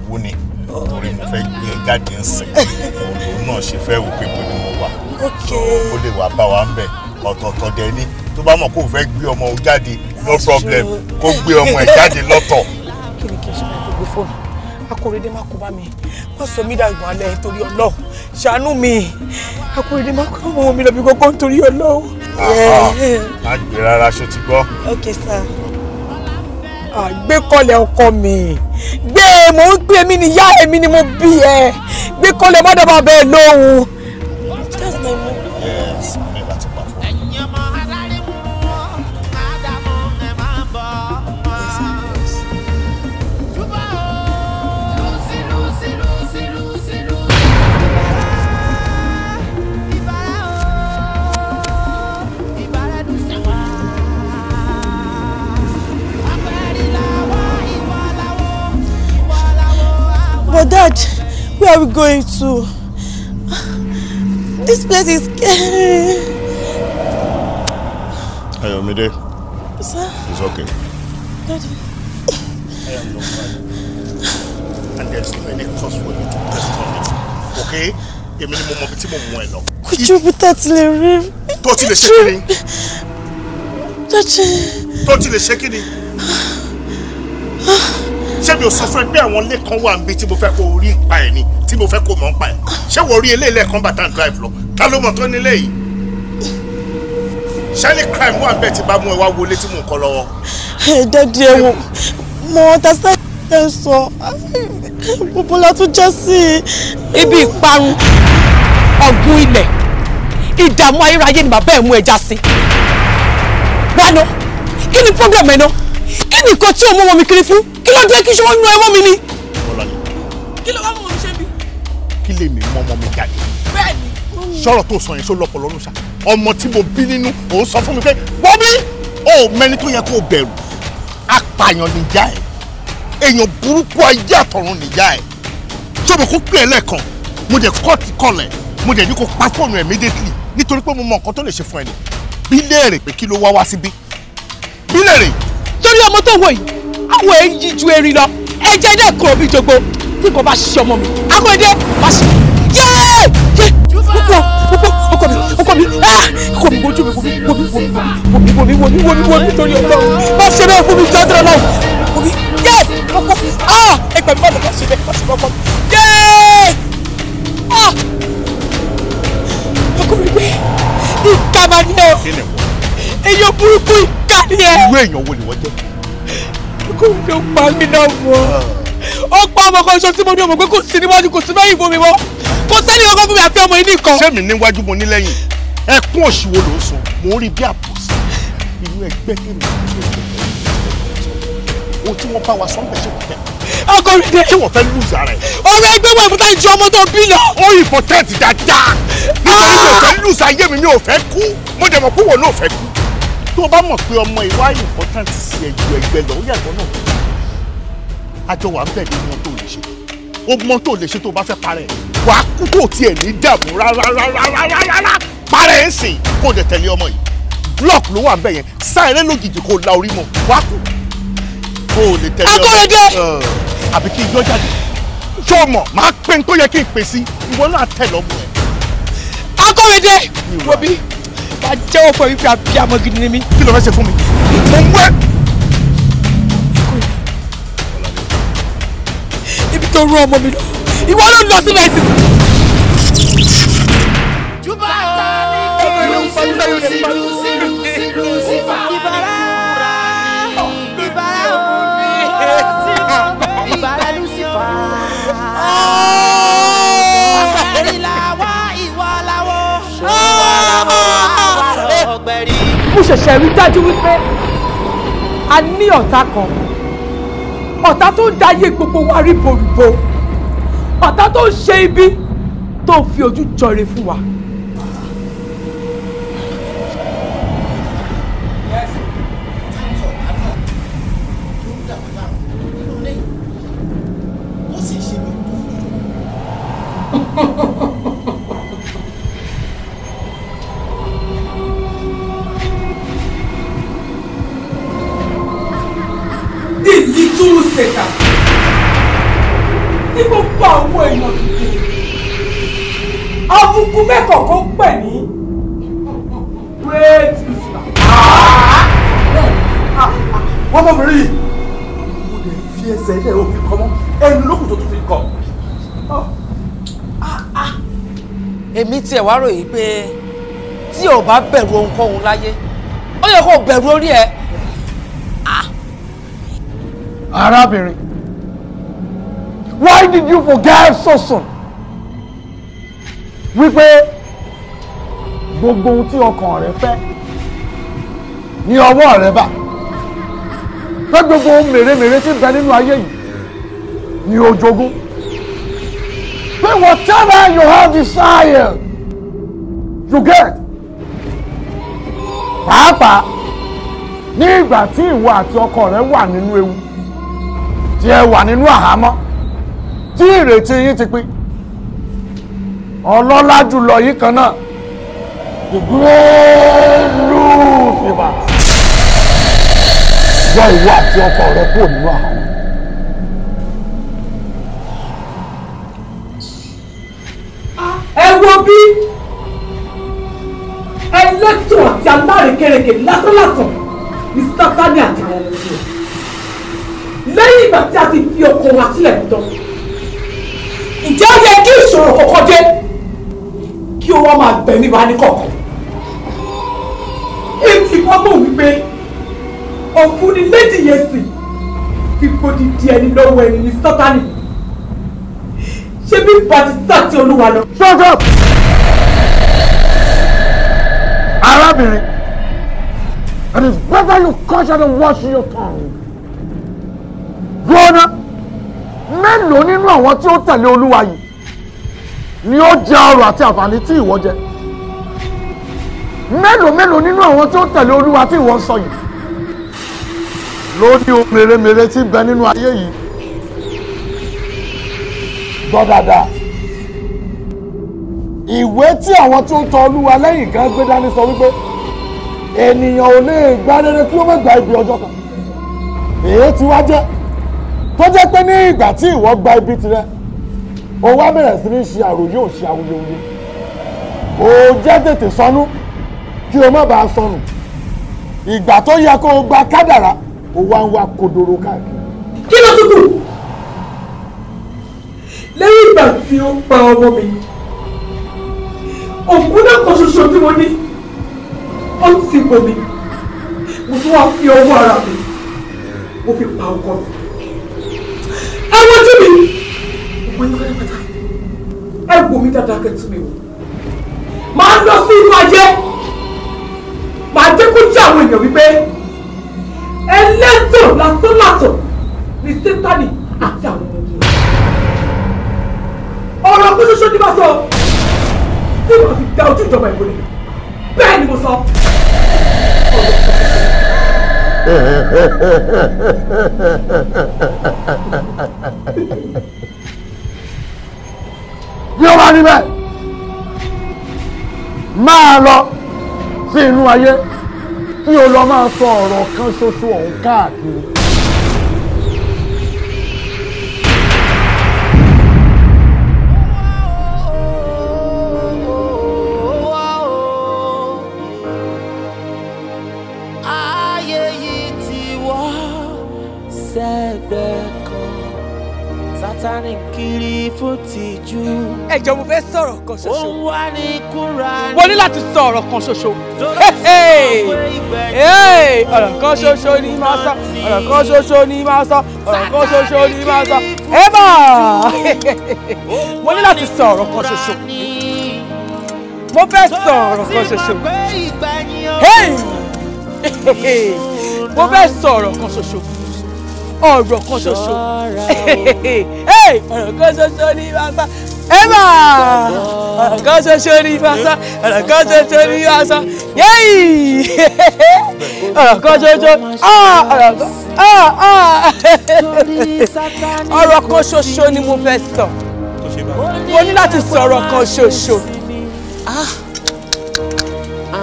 owó ni torí mo fẹ́ gbé ẹ e jáde ń sìn òun náà ṣe fẹ́ wò pé mo ni mo wà ó lè wà bá wa ń bẹ̀ ọ̀tọ̀ọ̀tọ̀ dẹ ní tó bá mọ̀ kó o fẹ́ gbé ọmọ o jáde no problem kó gbé ọmọ ẹ̀ jáde lọ́tọ̀. kí ni kí n ṣe máa gbogbo fóònù akóredé má kó bá mi má sọ mí dàgbà alẹ́ torí ọlọ́ ṣàánú mi akóredé má kó ọmọ mi lọ bí gbogbo nítorí ọlọ́. Ah, ah. má gbé rárá ṣó ti gbọ́. ok sir gbé kọlẹ̀ ọkọ mi gbé mò ń gbé mi níyá èmi ni mo bí ẹ gbé kọlẹ̀ mọ́dọ̀ bàbá ẹ lóhùn. Dad, where are we going to? This place is scary. Ayomide. Sir? It's okay. Daddy. I am your father. And there's no any cause for you to question it. Okay? Èmi ni mo mọ ibi more, mo Could you lọ. Kò ju bí tá ti lè rí. Tó ti lè ṣe kí ni? Tó ti ṣé mi ò sọ fún ẹ pé àwọn ilé kan wà níbi tí mo fẹ́ kó rí pa ẹ̀ ni tí mo fẹ́ kó mọ̀ ń pa ẹ̀ ṣé wọ́n rí eléyìí lẹ́ẹ̀kan bàtà ń drive lọ ta ló mọ̀ tó nílé yìí ṣé ní crime wà bẹ́ẹ̀ tí bá mú ẹ wá wọlé tí mò ń kọ́ lọ́wọ́. ẹ dẹ́dí ẹ wo mo understand ẹ sọ gbogbo la tún jẹ́ sí ibi ìparun ọ̀gbun ilẹ̀ ìdààmú ayérayé ni bàbá ẹ̀ mú ẹ já sí. wá ná kí ni problem ẹ náà kí ni nǹkan tí o mú ọmọ mi kiri fún kí ló dé kí ṣe wọ́n nu ẹwọ́ mi ni. kí ló wá mú ọmọ mi ṣe bí. kí lè mi mọ ọmọ mi jáde. bẹ́ẹ̀ni. sọ̀rọ̀ tó sọ yẹn ṣó lọ́pọ̀lọ́ ló ṣá ọmọ tí mo bí nínú òun sọ fún mi pé bọ́bí o mẹni tó yẹ kó o bẹ̀rù apààyàn nìjà ẹ̀ èèyàn burúkú ayé àtọ̀run nìjà ẹ̀ ṣọ́bù kó pè é lẹ́ẹ̀kan mo jẹ́ kọ́ọ̀tì kọlẹ̀ mo jẹ́ ní kó pa fóònù ẹ̀ immediately nítorí pé mo mọ nǹkan tó lè ṣe fún ẹ nì bí léèrè pé kí ló wá wá síbí bí léèrè torí ọmọ tó wò yìí àwọn èyí ju erin lọ ẹ̀jẹ̀ dẹ̀ kúrò bí jogbo tí kò bá ṣiṣẹ́ ọmọ mi akóyédé bá ṣe yéé púpọ̀ púpọ̀ ọkọ mi ọkọ mi ọkọ mi wojú mi wo mi wo mi wo mi wo mi wo mi wo mi wo mi torí Ọlọ́run má ṣe bẹ́ẹ̀ fún mi jọ́ dúró náà wo mi yéé ọkọ ah ẹgbẹ́ mi má lọ bá ṣe bẹ́ẹ̀ má ṣe bẹ́ẹ̀ ọkọ mi yéé ah ọkọ mi gbé ìkàmà ni ẹ èyí burúkú ìkà ni ẹ. ìwé èèyàn wo ni ló pa mí náà mọ́ ó pa ọmọ kan ṣo tí mo ní ọmọ pé kò sí níwájú kò sí lẹ́yìn fún mi mọ́ kò sẹ́ni ọkọ fún mi àti ọmọ yìí nìkan. ṣé mi níwájú mo ní lẹ́yìn ẹkún òṣìwò ló sọ mo rí bí àpòsí inú ẹgbẹ́ kìnnìún ohun tí wọ́n bá wa sọ́ńbẹ̀ ṣe wọ́n fẹ́ ọkọ mi dé. ṣé wọ́n fẹ́ lùzà rẹ̀. ọ̀rọ̀ ẹgbẹ́ wà fún táyì ju ọmọ tó bí lọ. ó yìí fọ tẹ́ẹ̀tì dáadáa. nítorí mi ah! ò fẹ́ lùzà ayé mi mi ò fẹ́ kú mo dẹ̀ mọ̀ pé wọ́n náà fẹ́ kú. tó o bá mọ̀ pé ọmọ ìwà important sí ẹ̀jú ẹgbẹ́ lọ ó yàgbọ́n náà àjọ wà ń bẹ̀ ní ohun tó lè ṣe ogun tó lè ṣe tó bá fẹ́ parẹ́ wàá kú tó tiẹ̀ ní dààmú rárárárárárá parẹ́ ń sìn kó dẹ̀ tẹ̀lé ọmọ yìí block ló wà ń bẹ̀ yẹn sáré lójijì kó la orí mọ́ wàá kú kó o lè tẹ̀lé ọmọ yìí akọ́rẹ́dẹ́ àbí kí n yọ jáde ṣó mọ̀ máa pé n tó yẹ kí n pè sí ìwọ náà tẹ̀ lọ́mọ ẹ̀. akọ́rẹ́dẹ́ wọ́n wàá jẹ́wọ́ fún ẹ wípé abiyamọ gidi ni mí. kí ló fẹ́ ṣe fún mi mo ń wẹ́ tó rún ọmọ mi lọ ìwọ ló lọ sí láìsí. jùbọ́ àtàlẹ́ kìlú sí lù sí lù sí lù sí fà. ìbára ìbára òní ìbára lù sí fà. ọ̀gbẹ́rì làwa ìwọ làwọ̀ mo ṣẹ̀ṣẹ̀ rí dájú wípé a ní ọ̀tá kan ọ̀tá tó ń dayé gbogbo wa rí boríbo ọ̀tá tó ń ṣe ibi tó ń fi ojú jọre fún wa. ọmọbìnrin yìí mo lè fi ẹsẹ̀ ilẹ̀ òfin kọ́ mọ́ ẹnu lókùn tó tún fi kọ́. Ah, ah, ah. èmi tiẹ̀ wá ròyìn pé tí ò bá bẹ̀rù ohunkóhun láyé ó yẹ kó o bẹ̀rù orí ẹ. arábìnrin why did you forget so soon? wípé gbogbo ohun tí ọkàn rẹ fẹ́ ní ọwọ́ rẹ báyìí pé gbogbo mèremère tí bẹ nínú ayé yìí ni o jogún pé whatever you have desire you get pàápàá ní ìgbà tí ìwọ àti ọkọ rẹ wà nínú ewu tí ẹ wà nínú àhámọ́ tí ìrètí yín ti pín ọlọ́lá jùlọ yìí kan náà the great Lucifer yọ ìwọ àti ọkọ rẹ kúrò nínú àhàmọ́. ẹ wo bí ẹlẹ́tọ̀ àti alárekereke lásánlásán ni sátani àti àwọn ọmọ rẹ lẹ́yìn ìgbà tí a ti fi ọkọ wa sílẹ̀ tán ǹjẹ́ yẹ kí ìṣòro kọ̀ọ̀kan dé kí ó wá máa gbẹ̀ níbà ní kọ̀ọ̀kan èyí ti wọ́n mọ̀ wípé òfun ni léjì yẹn sì fífò dídí ẹni lọ́wọ́ ẹni ní sátani ṣé bí bàtí sátì olúwa lọ. Shut up! arábìnrin it is better you caution and wash your tongue. gbọ́nà mélòó nínú àwọn tí ó tẹ̀lé olúwa yìí ni ó jẹ ọrọ̀ àti àǹfààní tí ìwọ jẹ mélòó mélòó nínú àwọn tí ó tẹ̀lé olúwa tí ìwọ ń sọ yìí lórí ohun mèremère tí ń bẹ nínú ayé yìí gbọ́ dáadáa ìwé tí àwọn tó ń tọ olúwa lẹ́yìn gan gbé dání sọ wípé ènìyàn ò lè gba rere kí ó má gba ibi ọjọ́ kan èyí ti wá jẹ́ tó jẹ́ pé ní ìgbà tí ìwọ gba ibi tirẹ̀ o wá bẹ̀rẹ̀ sí ní ṣe àròyé ò awuyewuye o jẹ́ tètè sọnù kí o má bàa sọnù ìgbà tó yẹ kó o gba kádàrá ó wá ń wá kodoro káàkiri. kí ló tún kù lẹ́yìn ìgbà tí ó pa ọmọ mi òkú náà kan ṣoṣo tí mo ní ó ti bò mí mo tún wá fi ọwọ́ ara mi mo fi pa ọkọ mi àwọn tí mi ọmọ yìí fẹ́ẹ́ pátá ẹ wò dáadáa kẹ́tù mi wò máa lọ sí inú ajé màá jẹ́ jẹ́ àwọn èèyàn wípé ẹlẹ́tọ̀ lásánlàtọ̀ ni sẹ́tánì àti àwọn ọmọ ọdún. ọ̀rọ̀ kó ṣoṣo ní bá sọ tí mo fi da ojú ìjọba ìwé rẹ̀ bẹ́ẹ̀ ni mo sọ. bí ó bá rí bẹ́ẹ̀ máa lọ sí inú ayé mi ò lọ máa sọ ọ̀rọ̀ kan ṣoṣo ọ̀hún káàkiri. sátani kiri fún tìjú. ẹ jọ̀ọ́ mo fẹ́ sọ̀rọ̀ kan ṣoṣo. ó ń wá ní kúra ní. mo ní láti sọ ọ̀rọ̀ kan ṣoṣo. ọ̀rọ̀ kan ṣoṣo ni máa sọ ọ̀rọ̀ kan ṣoṣo ni máa sọ ọ̀rọ̀ kan ṣoṣo ni máa sọ. ẹ bọ̀ mo ní láti sọ ọ̀rọ̀ kan ṣoṣo. mo fẹ́ sọ ọ̀rọ̀ kan ṣoṣo. mo fẹ́ sọ ọ̀rọ̀ kan ṣoṣo ọ̀rọ̀ kan ṣoṣo ọ̀rọ̀ kan ṣoṣo ní wàásà ẹ̀bà ọ̀rọ̀ kan ṣoṣo ní wàásà ọ̀rọ̀ kan ṣoṣo ní wàásà yẹ́yì ọ̀rọ̀ kan ṣoṣo ah, ah, ah. ọ̀rọ̀ kan ṣoṣo ni mo fẹ́ sọ mo ní láti sọ̀rọ̀ kan ṣoṣo.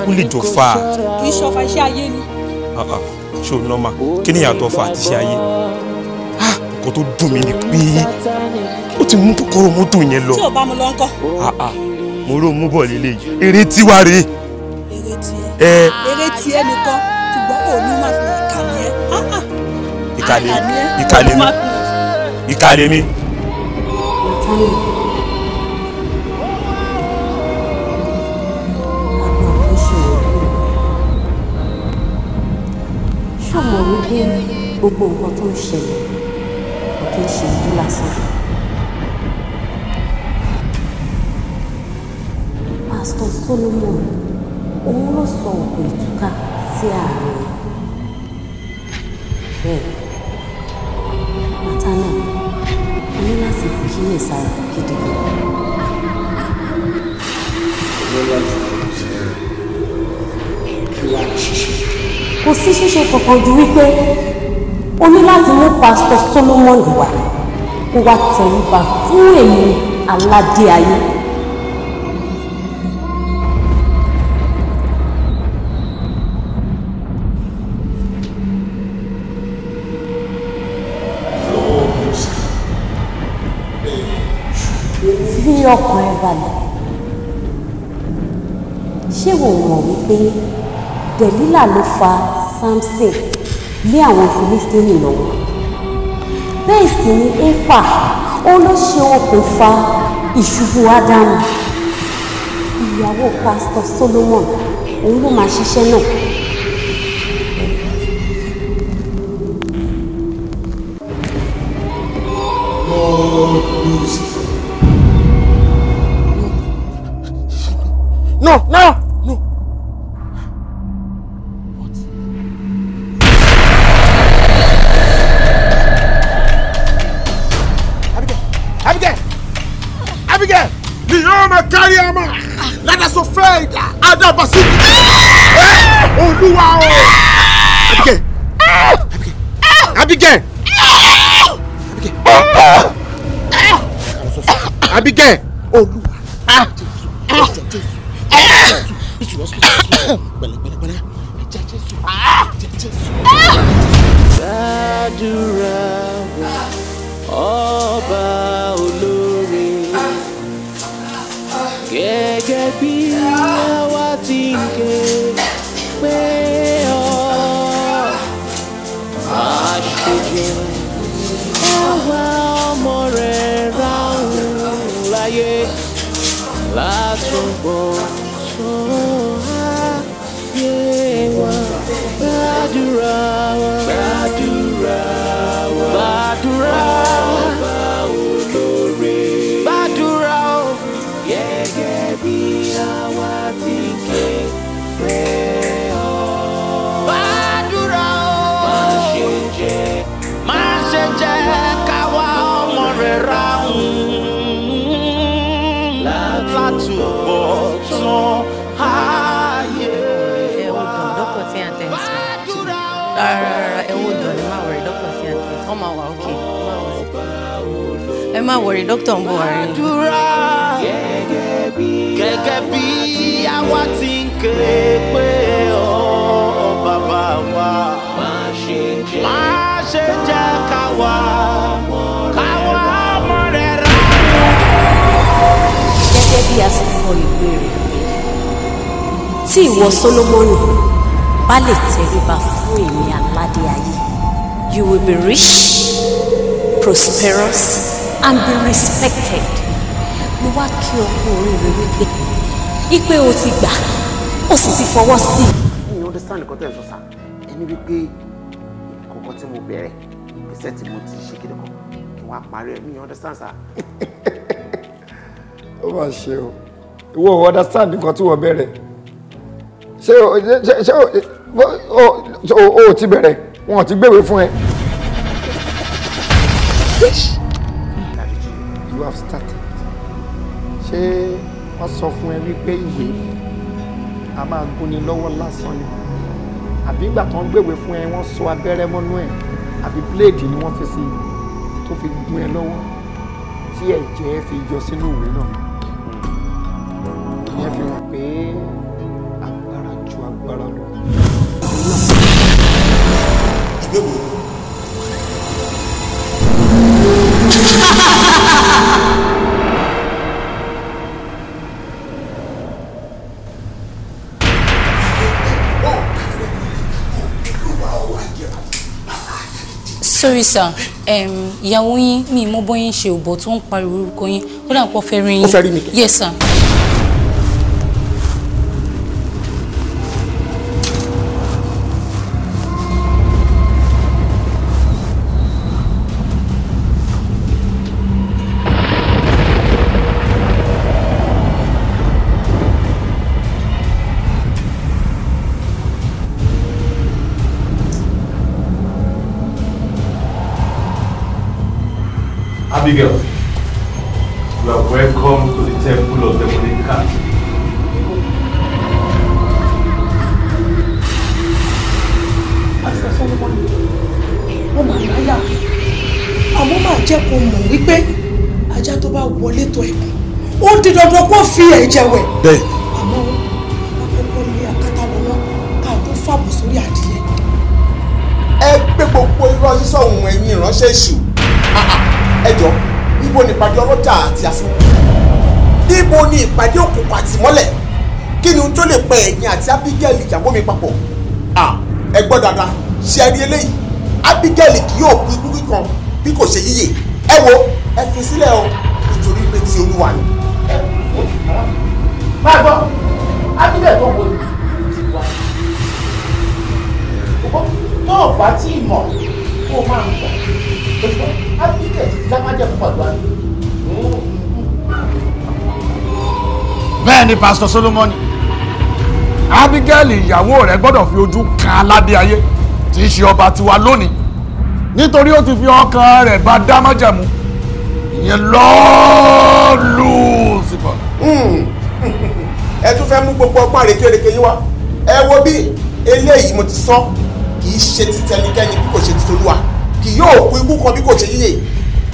kúlì tó fà á. kì í ṣọfà iṣẹ́ ayé ni ṣó nọ́mà kí ni ìyàtọ̀ fà àti ṣe ayé nǹkan tó dùn mí ni pé ó ti mú kòkòrò mọ́tò yẹn lọ. tí ò bá mu lọ ń kọ́. mo rò mú bọ̀ lélẹ̀ yìí eré tiwa rèé. eré tiẹ̀ eré tiẹ̀ ṣùgbọ́n kò ní máa fi ìkàlẹ̀ ẹ̀. ìkàlẹ̀ mi ìkàlẹ̀ mi ìkàlẹ̀ mi. wípé gbogbo nǹkan tó ń ṣẹlẹ̀ kò ṣe ìlú lásán. pásítọ̀ Solomon òun ló sọ ògùn ìtúkà sí ààrẹ bẹ́ẹ̀ mátánà o ní láti kíyèsára gidigidi. Thank you kò sí ṣíṣe kankan ju wípé o ní láti mú pásítọ̀ Solomon wá kó wá tẹ̀lé bá fún èmi aládé ayé. wàhálà ló fa samson lé àwọn filistini lọ́wọ́ bẹ́ẹ̀ sì ni éfà òun ló ṣe okùnfà ìṣubú ádámù ìyàwó pásítọ̀ solomon òun ló máa ṣiṣẹ́ náà pẹ̀lẹ́ pẹ̀lẹ́ pẹ̀lẹ́ ẹ̀jẹ̀ Jésù ẹ̀jẹ̀ Jésù. gbàdúrà wá ọba olóore gẹ́gẹ́ bí àwa ti ń ké pé ọ́ aṣojú ọba ọmọ rẹ̀ ráhùn láyé látúbọ̀. ọ máa wà okay ẹ má wọrí dókítà ń bọ̀ wá rí. gẹ́gẹ́ bí àwa ti ń ké pé ọ bàbá wa máa ṣe jẹ́ káwa káwa ọmọ rẹ̀ bí a ti fọ ìwé tí ìwọ Sólómọ́nì bá lè tẹríba fún ìyìn aládé ayé. You will be rich, prosperous, and be respected. Mo wá kí ọ kú oríire wípé ipe o ti gbà o sì ti fọwọ́ sí. Mi ò understand nǹkan tẹ̀ ń sọ sá. Ẹni wípé kọ̀ọ̀kan tí mo bẹ̀rẹ̀ ìgbésẹ̀ tí mo ti ṣe kéde kan kí wọ́n á parí ẹ̀ mi ò understand sá. Ó mà ṣe o, ìwọ ò understand nǹkan tí wọ́n bẹ̀rẹ̀. Ṣé o ṣé o o ti bẹ̀rẹ̀? wọn ò ti gbéwé fún ẹ. you have started ṣé wọ́n sọ fún ẹ wípé ìwé a máa gúnni lọ́wọ́ lásán ni àbí ìgbà tó ń gbéwé fún ẹ wọ́n so abẹ́rẹ́ mọ́nú ẹ̀ àbí bíléèdì ni wọ́n fi sí tó fi gún ẹ lọ́wọ́ tí ẹ̀jẹ̀ fi yọ sínú ìwé náà ìyẹn fi hàn pé. sorry sir ìyàwó yín mi ìmọ̀ bóyá ń ṣe òbò tó ń pariwo orúkọ yín ó dà pọ̀ fẹ́ rí yín. yes sir. Abigail, you are welcome to the temple of the Morning Cat. wọ́n máa láyà àmọ́ máa jẹ́ kó mọ̀ wípé ajá tó bá wọlé tọ̀ ẹ̀kún ó di dandan kó fi ẹ̀jẹ̀ wẹ̀. bẹ́ẹ̀. àmọ́ àkókò ní akátá lọ́wọ́ ká tó fàbọ̀ sórí adìyẹ. ẹ gbé gbogbo irọ́ sísọ ohun ẹ̀yin ìránṣẹ́ èṣù ti àfin. ibo ni ìpàdé òkùnkùn àtìmọ́lẹ̀ kí ni tó lè pẹ ẹ̀yìn àti Abigail ìyàwó mi papọ̀ ẹ gbọ́ dáadáa ṣe ẹ rí eléyìí Abigail kì yóò kú ikú kíkan bí kò ṣe yíyè ẹ wo ẹ fi sílẹ̀ o nítorí pé ti Olúwa ni. máa gbọ́ Abigail tó ń wo ìlú wa tó o bá tí ì mọ̀ kó o máa ń gbà Abigail ti dá májẹ̀ púpọ̀ bẹ́ẹ̀ ni pásítọ̀ Solomon Abigail ìyàwó rẹ gbọ́dọ̀ fi ojú kan aládé ayé tí í ṣe ọba tiwa lónìí nítorí ó ti fi ọkàn rẹ̀ bá dá májàmú ìyẹn lọ́ọ́lù síbọ̀. Hmm. ẹ tún fẹ́ mú gbogbo ọgbọ́n àrékérekè yín wá ẹ wo bí eléyìí mo ti sọ kì í ṣe ti tẹnikẹ́ni bí kò ṣe ti tolúwa kì yóò kú ikú kan bí kò ṣe yíyè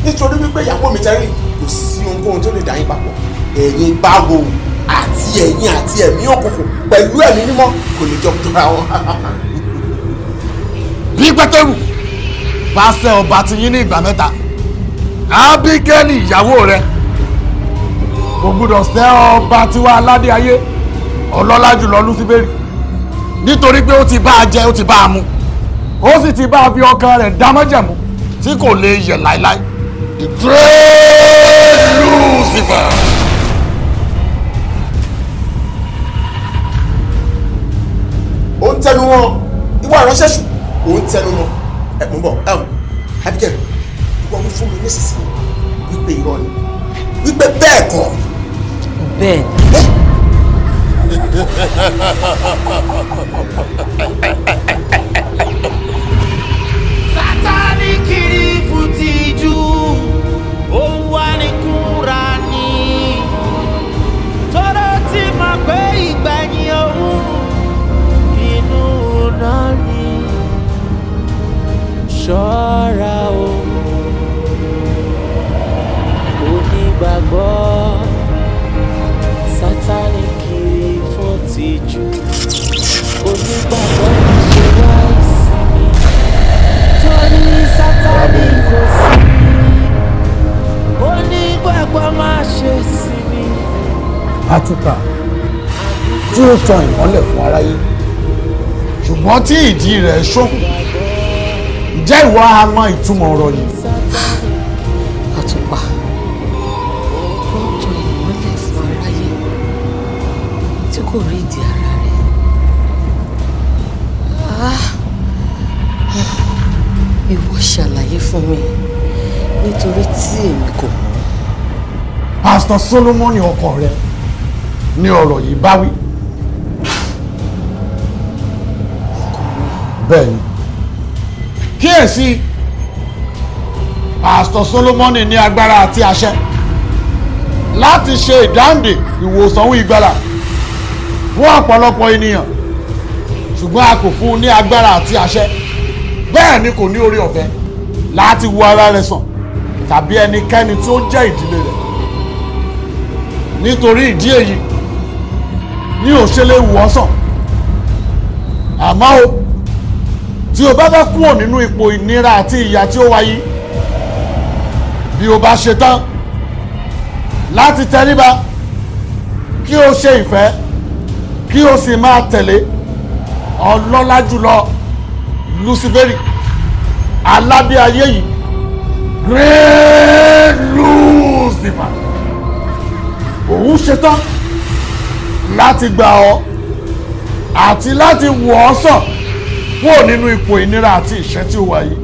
nítorí wípé ìyàwó mi tẹ́rì kò sí ohunkóhun tó lè dá yín papọ̀ ẹ̀yin báwo àti ẹ̀yin àti ẹ̀mí òkùnkùn pẹ̀lú ẹ̀mí mímọ́ kò lè jọ tóra wọn. bí pétérù bá ṣe ọba ti yín ní ìgbà mẹ́ta ábígẹ́lì ìyàwó rẹ kò gbúdọ̀ ṣe ọba tiwa aládé ayé ọlọ́lá jùlọ lúsíbẹ́rì nítorí pé ó ti bá a jẹ ó ti bá a mu ó sì ti bá a fi ọkàn rẹ̀ dámọ́jẹ̀mú tí kò lè yẹ̀ láéláé the great Lucifer. òun tẹnu wọn ìwọ ìránṣẹ́ ṣù òun tẹnu wọn ẹ mú bọ̀ ẹm Abigail ìwọ wí fún mi nísinsìnyí wípé irọ́ ni wípé bẹ́ẹ̀ kọ́. bẹ́ẹ̀ ni. ọ̀nà mi ṣọ́ra o onígbàgbọ́ Sátánì kiri fún tìjú onígbàgbọ́ kì í ṣe wá ìsinmi torí Sátánì kò sí onígbàgbọ́ má ṣe sinmi. àtúkà tí tan ìmọ́lẹ̀ fún aráyé ṣùgbọ́n tí ìdí rẹ̀ ṣókùn ǹjẹ́ ìwọ á mọ ìtumọ̀ ọ̀rọ̀ yìí. àtùpà rọ́jò ìmọ́lẹ̀ fún aráyé tí kò rí ìdí ara rẹ̀. Ah, ìwọ ṣàlàyé fún mi nítorí tí èmi kò mọ̀. pásítọ̀ Solomoni ọkọ rẹ ni ọ̀rọ̀ yìí bá bẹ́ẹ̀ni kíyèsí pásítọ̀ Solomon ní agbára àti àṣẹ láti ṣe ìdáǹdè ìwòsàn ohun ìgbàlà fún ọ̀pọ̀lọpọ̀ ènìyàn ṣùgbọ́n a kò fún un ní agbára àti àṣẹ bẹ́ẹ̀ ni kò ní orí ọ̀fẹ́ láti wo ara rẹ̀ sàn tàbí ẹnikẹ́ni tí ó jẹ́ ìdílé rẹ̀ nítorí ìdí èyí ní òṣèlè wọ́sàn àmọ́ o tí o bá fẹ́ kúrò nínú ipò ìnira àti ìyà tí ó wáyé bí o bá ṣe tán láti tẹríba kí o ṣe ìfẹ́ kí o sì máa tẹ̀lé ọlọ́lá jùlọ luciferi alábí yìí great lucifer òun ṣetán láti gbà ọ àti láti wọ̀ ọ́ sàn. So kúrò nínú ipò ìnira àti ìṣẹ́ tí ó wà yìí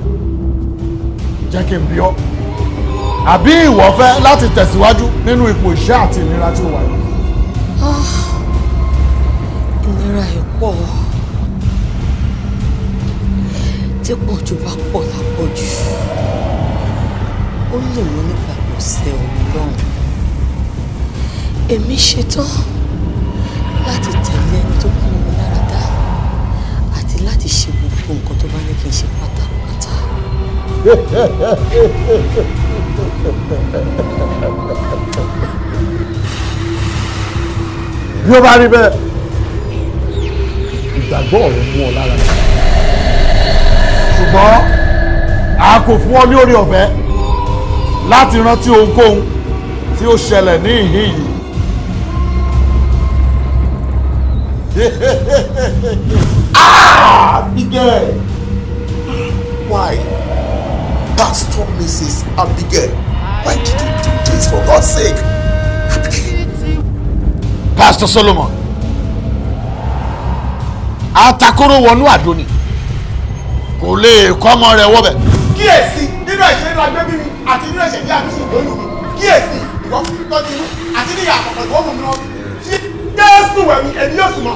jẹ́ kí n bí ọ́ àbí ìwọ fẹ́ láti tẹ̀síwájú nínú ipò ìṣẹ́ àti ìnira tí ó wà yìí. Ah, ìnira ẹ̀ pọ̀ tí pọ̀jù bá pọ̀ lápọ̀jù ó lè mú nígbàgbọ́ sẹ́ ọ̀run èmi ṣetán láti tẹ̀lé láti ṣe gbogbo nǹkan tó bá ní kí n ṣe pátápátá. bí ó bá rí bẹ́ẹ̀ ìgbàgbọ́ rẹ mú ọ lára ṣùgbọ́n a kò fún ọ ní orí ọ̀fẹ́ láti rántí ohunkóhun tí ó ṣẹlẹ̀ ní ìhín yìí. Abigail. Why? Pastor Mrs. Abigail. Why did you do this for God's sake? Pastor Solomon. Atakoro wọnú àdó ni. Kò lè kọ́mọ rẹ̀ wọ́bẹ̀. Kíyèsí nínú ìṣẹ́lẹ̀ agbẹ́bí mi àti nínú ìṣẹ̀lẹ̀ àbísí ìlóyún mi. Kíyèsí ìwọ́n fi tọ́jú àti níyà àpapọ̀ ìwọ́n mú mi lọ. Jésù ẹ̀mí ẹ̀mí yóò sùn mọ́.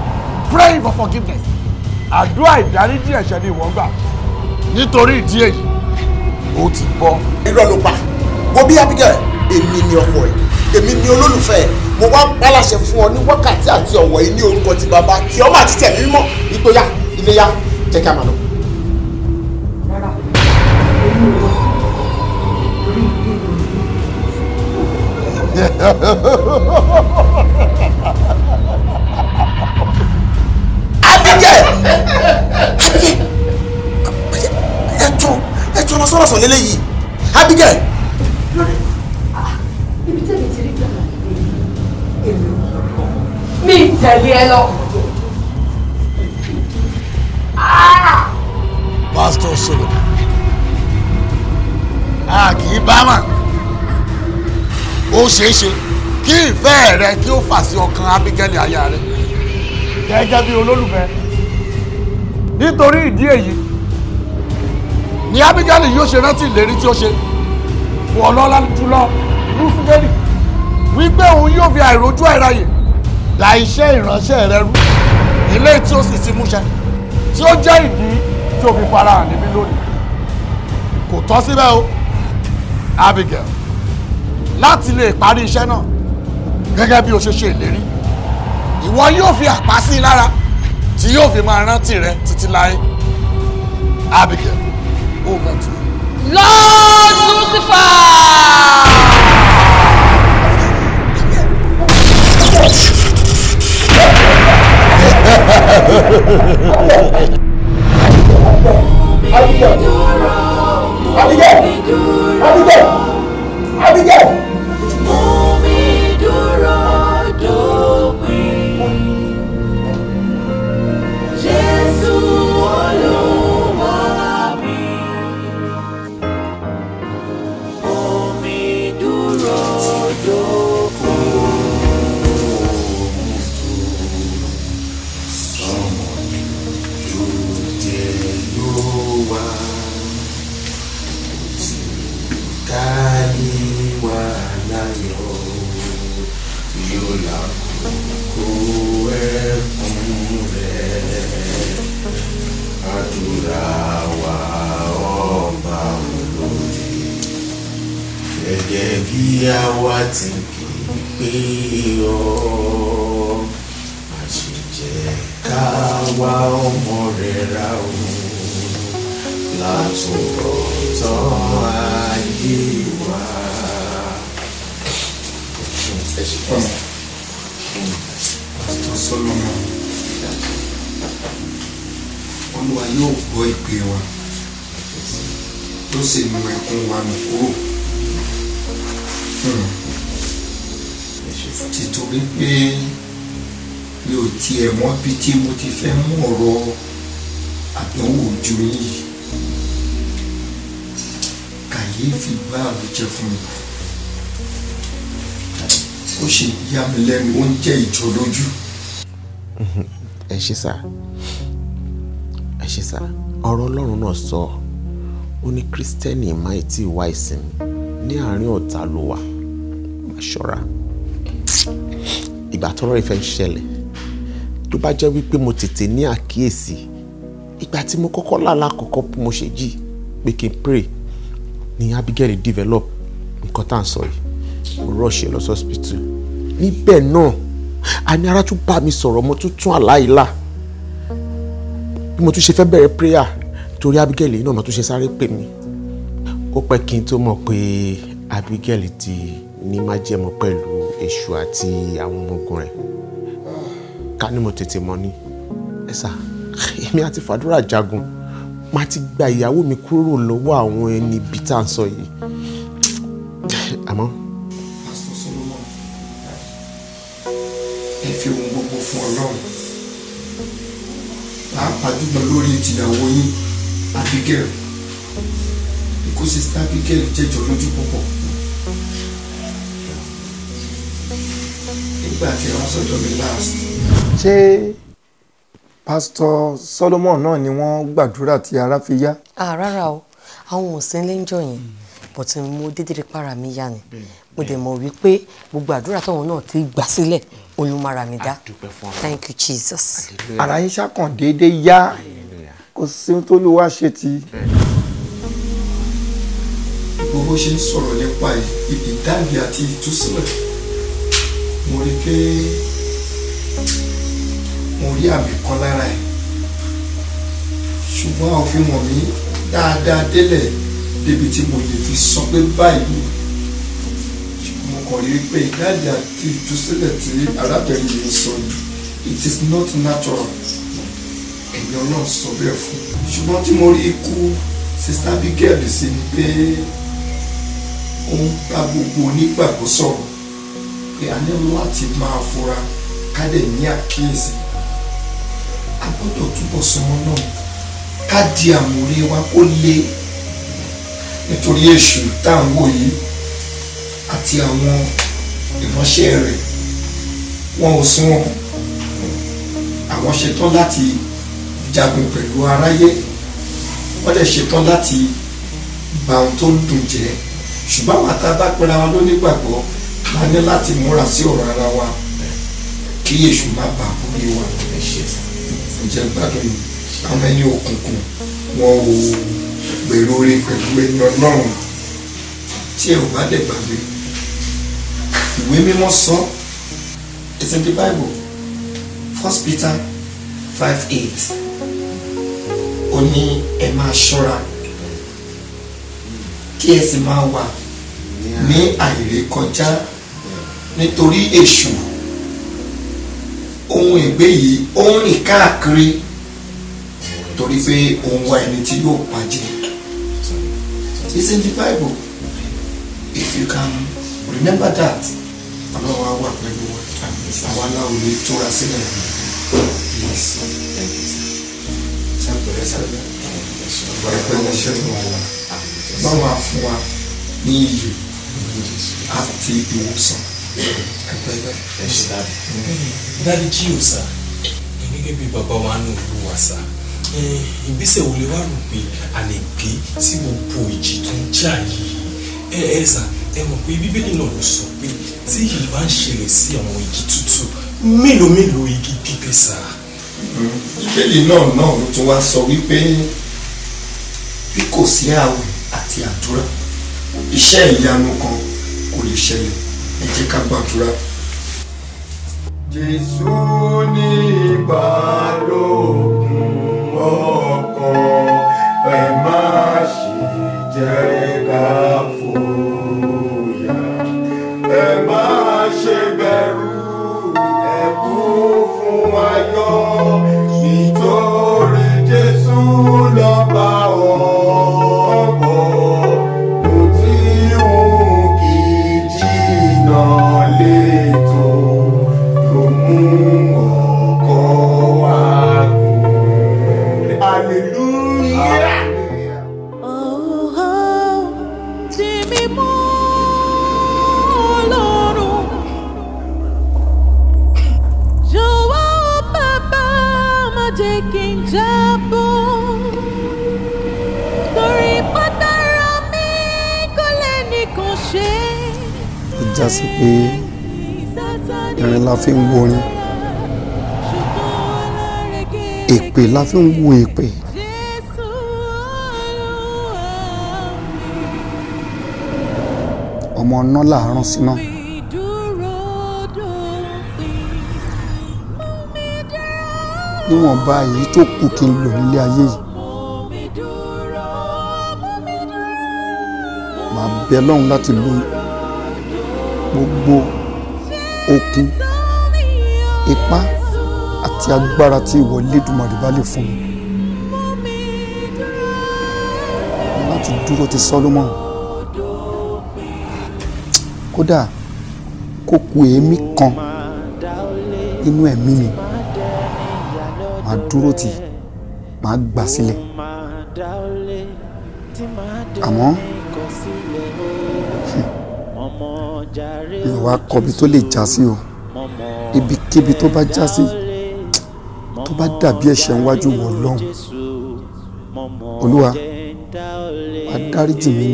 praying for forgiveness. àdúrà ìdáríjì ẹ̀ṣẹ̀ ni ìwọ gbà nítorí ìdí èyí ó ti bọ́. irọ́ ló pa wo bí Abigail èmi ni ọkọ ẹ̀ èmi ni olólùfẹ́ ẹ̀ mo wá pálàṣẹ fún ọ ní wákàtí àti ọ̀wọ̀ yìí ní orúkọ ti bàbá tí ọmọ àti tẹ̀mí mímọ́ ìgboyà iléyà jẹ́ ká máa lọ. Yeah. ẹtún ẹtún ọmọ sọ̀rọ̀ sọ̀rọ̀ lélẹ́yìí Abigail. lórí ibi tẹ́lẹ̀ ti rí gbàgbà èmi mi tẹ̀lé ẹ lọ. Ah! Pastor Solomon a kì í bá mà ó ṣeé ṣe kí ìfẹ́ rẹ kí ó fà sí ọkàn Abigail aya rẹ gẹ́gẹ́ bí olólùfẹ́ nítorí ìdí èyí ni Ábígálì yóò ṣe rántí ìlérí tí ó ṣe fún ọlọ́lá jùlọ rúfúgẹ́lì wípé òun yóò fi àìrójú àìráyè da iṣẹ́ ìránṣẹ́ rẹ rú ilé tí ó sì ti múṣẹ tí ó jẹ́ ìdí tí ó fi fara hàn níbí lónìí kò tọ́ síbẹ̀ o Abigail láti lè parí iṣẹ́ náà gẹ́gẹ́ bí o ṣe ṣe ìlérí ìwọ yóò fi àpá sí i lára tí yóò fi máa rántí rẹ títí láé Abigail over to you. Lord Lucifer. Abigail Abigail Abigail Abigail. jẹ́ fún mi ó ṣe yá mi lẹ́nu ó ń jẹ́ ìjọ lójú. ẹ ṣe sá ẹ ṣe sá ọ̀rọ̀ ọlọ́run náà sọ ó ní kírísítẹ́nì máì tí wá ìsìn ní àárín ọ̀tá ló wà má ṣọ́ra ìgbà tọ́rọ̀ ìfẹ́ ń ṣẹlẹ̀ tó bá jẹ́ wípé mo tètè ní àkíyèsí ìgbà tí mo kọ́kọ́ lálá kọ́kọ́ mo ṣe jí pé kí n pray ni Abigail develop nǹkan tá à ń sọ yìí mo rush lọ sọ́spítù níbẹ̀ náà àní ara tún bá mi sọ̀rọ̀ mo tún tún àláìlà bí mo tún ṣe fẹ́ bẹ̀rẹ̀ prayer torí Abigail yìí náà tún ṣe sáré pè mí ó pẹ́ kí n tó mọ̀ pé Abigail ti ní májẹ̀mú pẹ̀lú èṣù àti àwọn ọmọ ogun rẹ̀ ká ní mo tètè mọ̀ ni ẹ sà èmi àti fàdúrà jagun máa ti gba ìyàwó mi kúrò lọ́wọ́ àwọn ẹni bíi tá à ń sọ yìí ẹ fi ohun gbogbo fún ọlọ́run pàápàá jùlọ lórí ìtìyàwó yín abigail ikú sista abigail jẹjọ lójú púpọ̀ nígbà tí ẹ wá sọ́dọ̀ mi last. ṣé pásítọ̀ solomon náà ni wọ́n gbàdúrà tí ara fi yá. ah rárá o àwọn ò sí ilé ń jọ yẹn bọ̀tún mo dédé rí para mi yá ni. Mm mo dẹ̀ mọ̀ wípé gbogbo àdúrà tóun náà ti gbà sílẹ̀ olùmọ̀ràn mi dá thank you jesus. ara yín ṣàkàn déédéé yá kò sí ohun tó lè wá ṣe ti. gbogbo ṣe ń sọ̀rọ̀ nípa ibi dáàbì àti ìtúsílẹ̀ mo rí pé mo rí àmì kan lára ẹ̀ ṣùgbọ́n àwọn fi mọ̀ mí dáadáa délẹ̀ débi tí mo lè fi sọ pé báyìí mọ̀ rí pé ìdájì àti ìtúsílẹ̀ tí arábìnrin yìí sọ yìí it is not natural ẹ̀yin ọlọ́run sọ bẹ́ẹ̀ fún un ṣùgbọ́n tí mo rí ikú sista abigail sí ni pé ó ń bá gbogbo onígbàgbọ́ sọ̀rọ̀ pé a ní láti máa fura ká dẹ̀ ní àkíyèsí a gbọ́dọ̀ túbọ̀ sọmọ náà ká di àmúrí wa kó lé nítorí èṣù tá à ń wò yìí àti àwọn ìránṣẹ́ rẹ̀ wọn ò sún wọn àwọn ṣetán láti jagun pẹ̀lú aráyé wọ́n dẹ̀ ṣetán láti bà ohun tó ń dùn jẹ́ ṣùgbọ́n àwọn àtàbà pẹ̀lú àwọn lónígbàgbọ́ la ní láti múra sí ọ̀rọ̀ ara wa kí èṣù má bà á borí wa ǹjẹ́ gbádùn àwọn ẹni òkùnkùn wọn ò gbèrò orí pẹ̀lú ẹni ọlọ́run tí ẹ ò bá dẹ̀ gbàgbé ìwé mímọ́ sọ it's in the bible first peter five eight ó ní ẹ máa ṣọ́ra kí ẹ sì máa wà ní àìrékọjá nítorí èṣù ohun ègbé yìí ó ń rìn káàkiri torí pé òun wá ẹni tí yóò pàjẹ́ it's in the bible if you can remember that ọlọ́wọ́ á wà pẹ̀lú wa àwa náà ò ní túra sílẹ̀ ṣàpẹrẹ sábẹ́ ọgbà ìpínlẹ̀ ṣẹ́gun wa báwa fún wa ní iyì àti ìwòsàn ẹgbẹ́gbẹ́ ẹ̀ṣẹ̀ dábì. dábì kí o sá gẹ́gẹ́ bí bàbá wa nù lù wá sá ìgbésẹ̀ wo lè wá rò pé a lè gbé sí gbogbo ìjì tó ń jà yìí ẹ ẹ sá ẹ mọ̀ pé bíbélì náà ló sọ pé tí yìí bá ń ṣẹlẹ̀ sí àwọn igi tútù mélòó mélòó igi gbígbẹ sá. bíbélì náà náà ló tún wá sọ wípé bí kò sí àwẹ̀ àti àdúrà iṣẹ́ ìyanu kan kò lè ṣẹlẹ̀ ẹ jẹ́ ká gbàdúrà. jésù ní ìbálòpọ̀ ọkàn ẹ má ṣe jẹ́. God. la fi ń worin èpè la fi ń wo èpè. ọmọ ọ̀nà làárọ̀ síná. níwọ̀nba èyí tó kù kí n lò nílé ayé yìí. màá bẹ lọ́hùn láti lo gbogbo okun ipá àti agbára tí ìwọ Elédùmarè bá lè fún mi láti dúró ti Solomon kódà kó ku èémí kan inú ẹ̀mí mi màá dúró tì màá gbà sílẹ̀ àmọ́ mi ò wá kọbi tó lè já sí o ibikíbi tó bá já sí tó bá dàbí ẹ̀ṣẹ̀ níwájú wọ lọ́hùn olúwa wàá dáríjì ni.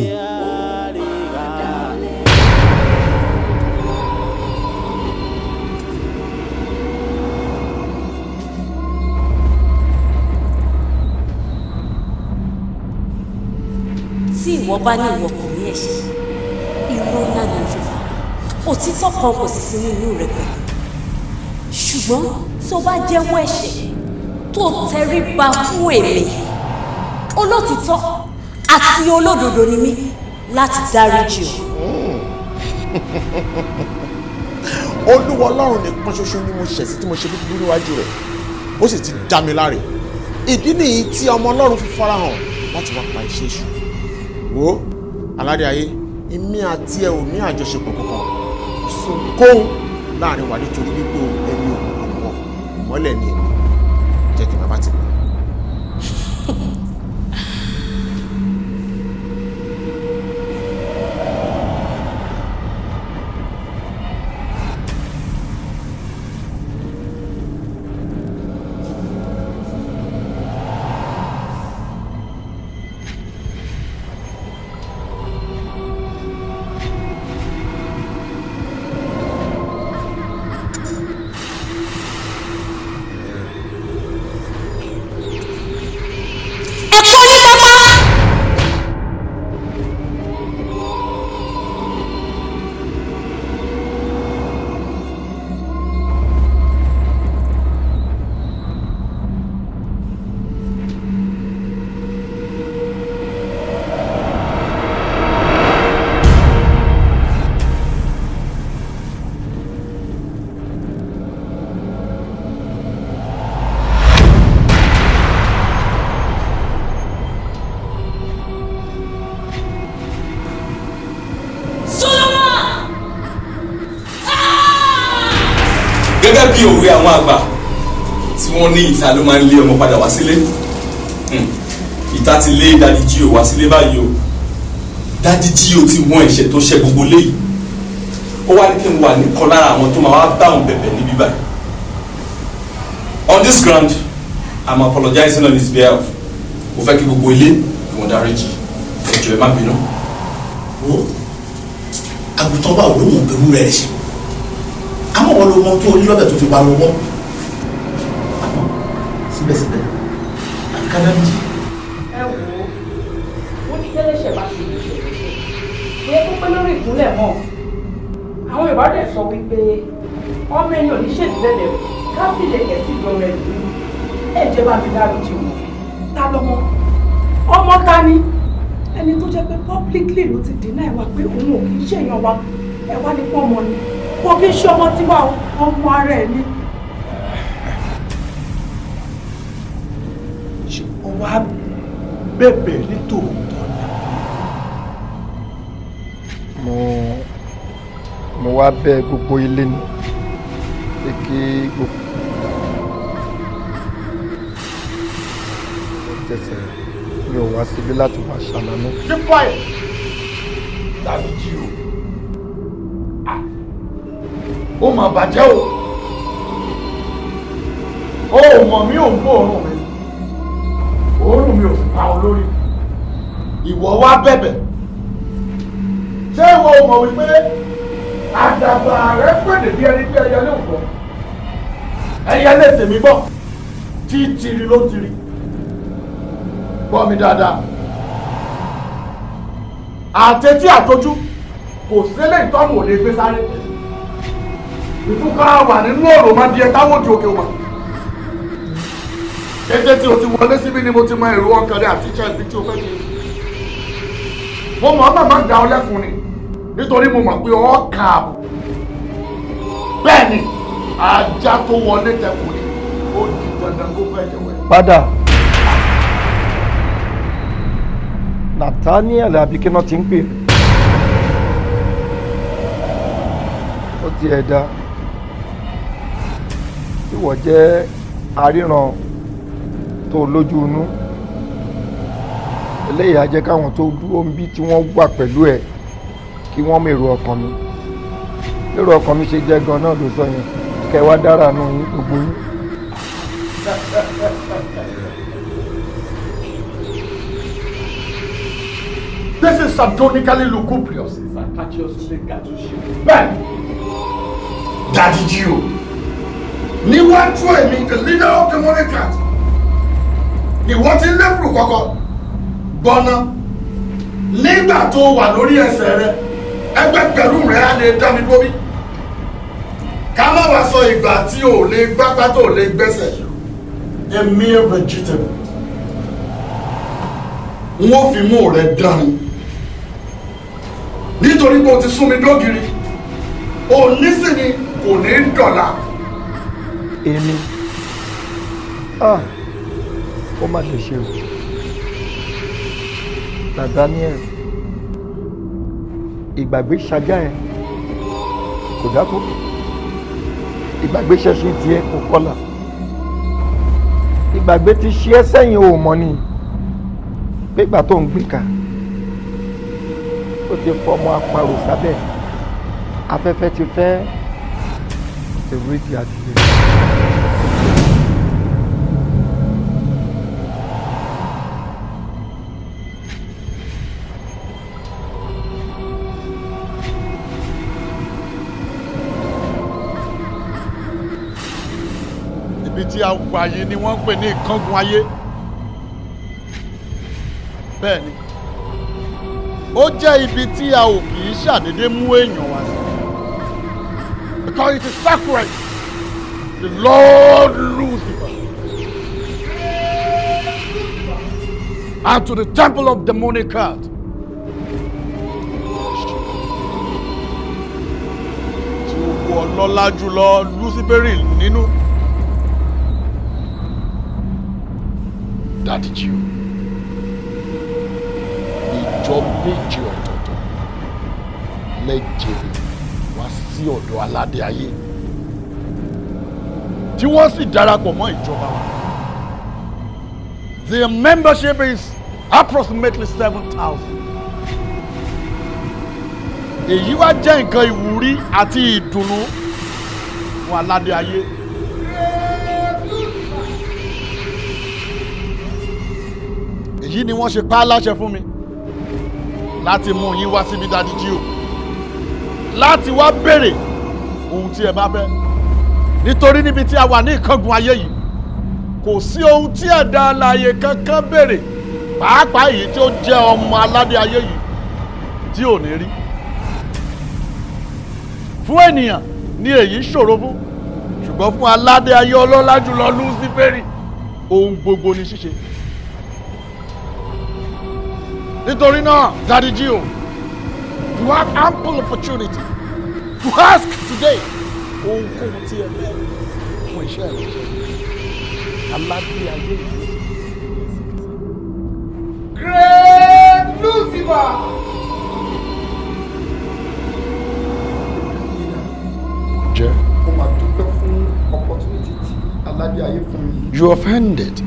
tí ìwọ bá ní ìwọ kò ní ẹ̀ṣẹ̀ irú ńlá ni ó fi kan kò sì sí nínú rẹ pẹ̀lú ṣùgbọ́n tó bá jẹ́wọ́ ẹ̀ṣẹ̀ tó tẹríba fún èmi olótìtọ́ àti olódodo ni mí láti dáríjì o. olúwa ọlọ́run nìkan ṣoṣo ni mo ṣẹ̀ sí tí mo ṣe búburú níwájú rẹ̀ ó sì ti dá mi láre ìdí nìyí tí ọmọ ọlọ́run fi farahàn láti wá pa iṣẹ́ èṣù wo aládé ayé èmi àti ẹ ò ní àjọṣepọ̀ kankan kò sóhun kóhun láàrin wa nítorí gbígbó o mọ́lẹ̀ ni pé àwọn àgbà tí wọ́n ní ìta ló máa ń lé ọmọ padà wá sílé hmm. ìta ti lé dadi jíò wá sílé báyìí o dadi jíò ti wọ́n ẹ̀ṣẹ̀ tó ṣe gbogbo léyìí ó wá ní kí n wà nìkan lára àwọn tó máa wá bá òun bẹ̀bẹ̀ níbí báyìí on this ground i'm apologizing on his behalf mo fẹ́ kí gbogbo ilé ìwọ̀n dáríjì ẹ̀jọ̀ ẹ̀ má bínú. àgùntàn bá wo ló mọ̀ pẹ̀lú rẹ̀ ṣe pariwo mọ́ tó onílọ́bẹ̀ tó fi pariwo mọ́ àmọ́ síbẹ̀síbẹ̀ àti kánábì. ẹ wò ó wọ́n ní tẹ́lẹ̀ṣẹ̀ bá ti lè ṣe ìyẹn tó pé lórí ìkúnlẹ̀ mọ́ àwọn ìwádìí sọ wípé ọmọ ẹni ò ní ṣèdílẹ̀lẹ̀ ká sì lè kẹ̀ sí ìjọba ẹ̀ lórí ẹ̀jẹ̀ bá mi dáríjì wọn ta lọ́mọ ọmọ ta ni ẹni tó jẹ́ pé publicly ló ti deny wa pé òun ò kì í ṣèyàn wa ẹ wá ní pọ́nmọ ni kò kí ṣe ọmọ tí wà ọmọ ara ẹ̀ ni. ṣé o wá bẹ̀bẹ̀ nítòótọ́ ni. mo mo wá bẹ̀ gbogbo ilé ni pé kí gbogbo. mi ò wá síbí láti wá ṣàlàyé. keep quiet. ó mà bàjẹ́ o ó mọ̀ mí ò ń bó òórùn mi òórùn mi ò fi pa olórí ìwọ wá bẹ̀bẹ̀ ṣé ìwọ mọ̀ wípé àdàbà rẹ pèdè bí ẹni bí ẹyẹ lè wọ̀ ẹyẹ lè tèmi bọ̀ tí tiri ló tiri gbọ́ mi dáadáa àtẹ̀tí àtọ́jú kò sílé ìtọ́nù ò lè gbé sáré ìfúnpá wà nínú ọ̀rọ̀ máa di ẹ̀ka wòdì òkè wa kété tí o ti wọlé síbi ni mo ti mọ èrò ọkàn rẹ àti iṣẹ́ ibi tí o fẹ́ ṣe mo mọ̀ ọ́ bàbá gba ọ lẹ́kùn ni nítorí mo mọ̀ pé ọ́ kà á bẹ́ẹ̀ ni ajá tó wọlé tẹkùn ni ó di dandan kó fẹ́ jẹ̀wẹ́. padà Nathaniel abikina ti ń pè ó ti ẹ̀ dá ìwọ jẹ́ aríran tó lójú inú eléyìí á jẹ́ káwọn tó dúró ń bí tí wọ́n wà pẹ̀lú ẹ̀ kí wọ́n mọ èrò ọkàn mi èrò ọkàn mi ṣe jẹ́ gan náà ló sọ yẹn kẹ dára nù yín gbogbo yín. This is sardonically lucubrious. It's attached to the níwájú èmi the leader of the monarchy. ìwọ ti lẹ́kùrù kọ́kọ́ gbọ́ná nígbà tó wà lórí ẹsẹ̀ rẹ ẹgbẹ́gbẹ̀rún rẹ á lè dá mi dúró bí ká má wá sọ ìgbà tí ò lè gbápá tó lè gbẹ́sẹ̀ a mere vegetable n ó fi mú rẹ dání nítorí pé o ti sún mi dógiri òní sì ni kò ní dọ̀la èmi ah, ó má ṣe ṣe o Nathaniel ìgbàgbé ṣajá ẹ kò dákú ìgbàgbé ṣẹṣin tiẹ kò kọlà ìgbàgbé ti ṣe ẹ sẹ́yìn o mọ ni pípa tó ń gbé ka ó ti fọmọ apàrò sábẹ́ afẹ́fẹ́ ti fẹ́ ti rí ti àtìlẹ́yìn. tí a wà yìí ni wọ́n ń pè ní ìkángun ayé bẹ́ẹ̀ ni ó jẹ́ ibi tí a ò kì í ṣàdédé mú èèyàn wá sí because it is sacred the Lord Lucifer and to the temple of demonic art. Tí ó wọ ọlọ́lá jùlọ Luciferi nínú. No? dáríjì o ìjọ méje ọ̀tọ̀ọ̀tọ̀ méje wá sí ọ̀dọ̀ aládé ayé tí wọ́n sì darapọ̀ mọ́ ìjọba wa The membership is approximately seven thousand èyí wá jẹ́ nǹkan ìwúrí àti ìdùnnú fún aládé ayé. èyí ni wọ́n ṣe pa á láṣẹ fún mi láti mú yín wá síbi dadi jíò láti wá béèrè ohun tí ẹ bá fẹ́ nítorí níbi tí a wà ní ìkángun ayé yìí kò sí ohun tí ẹ̀dá alààyè kankan béèrè pàápàá èyí tí ó jẹ́ ọmọ aládé ayé yìí tí ò ní rí fún ènìyàn ni èyí ṣòro fún ṣùgbọ́n fún aládé ayé ọlọ́lá jùlọ lúsífẹ́rì ohun gbogbo ni ṣíṣe nítorí náà Daddy G.O. you have ample opportunity to ask today ohunkóhun tí ẹ fẹ́ fún iṣẹ́ rẹ aládé ayé yìí. Great Lucifer. you offended.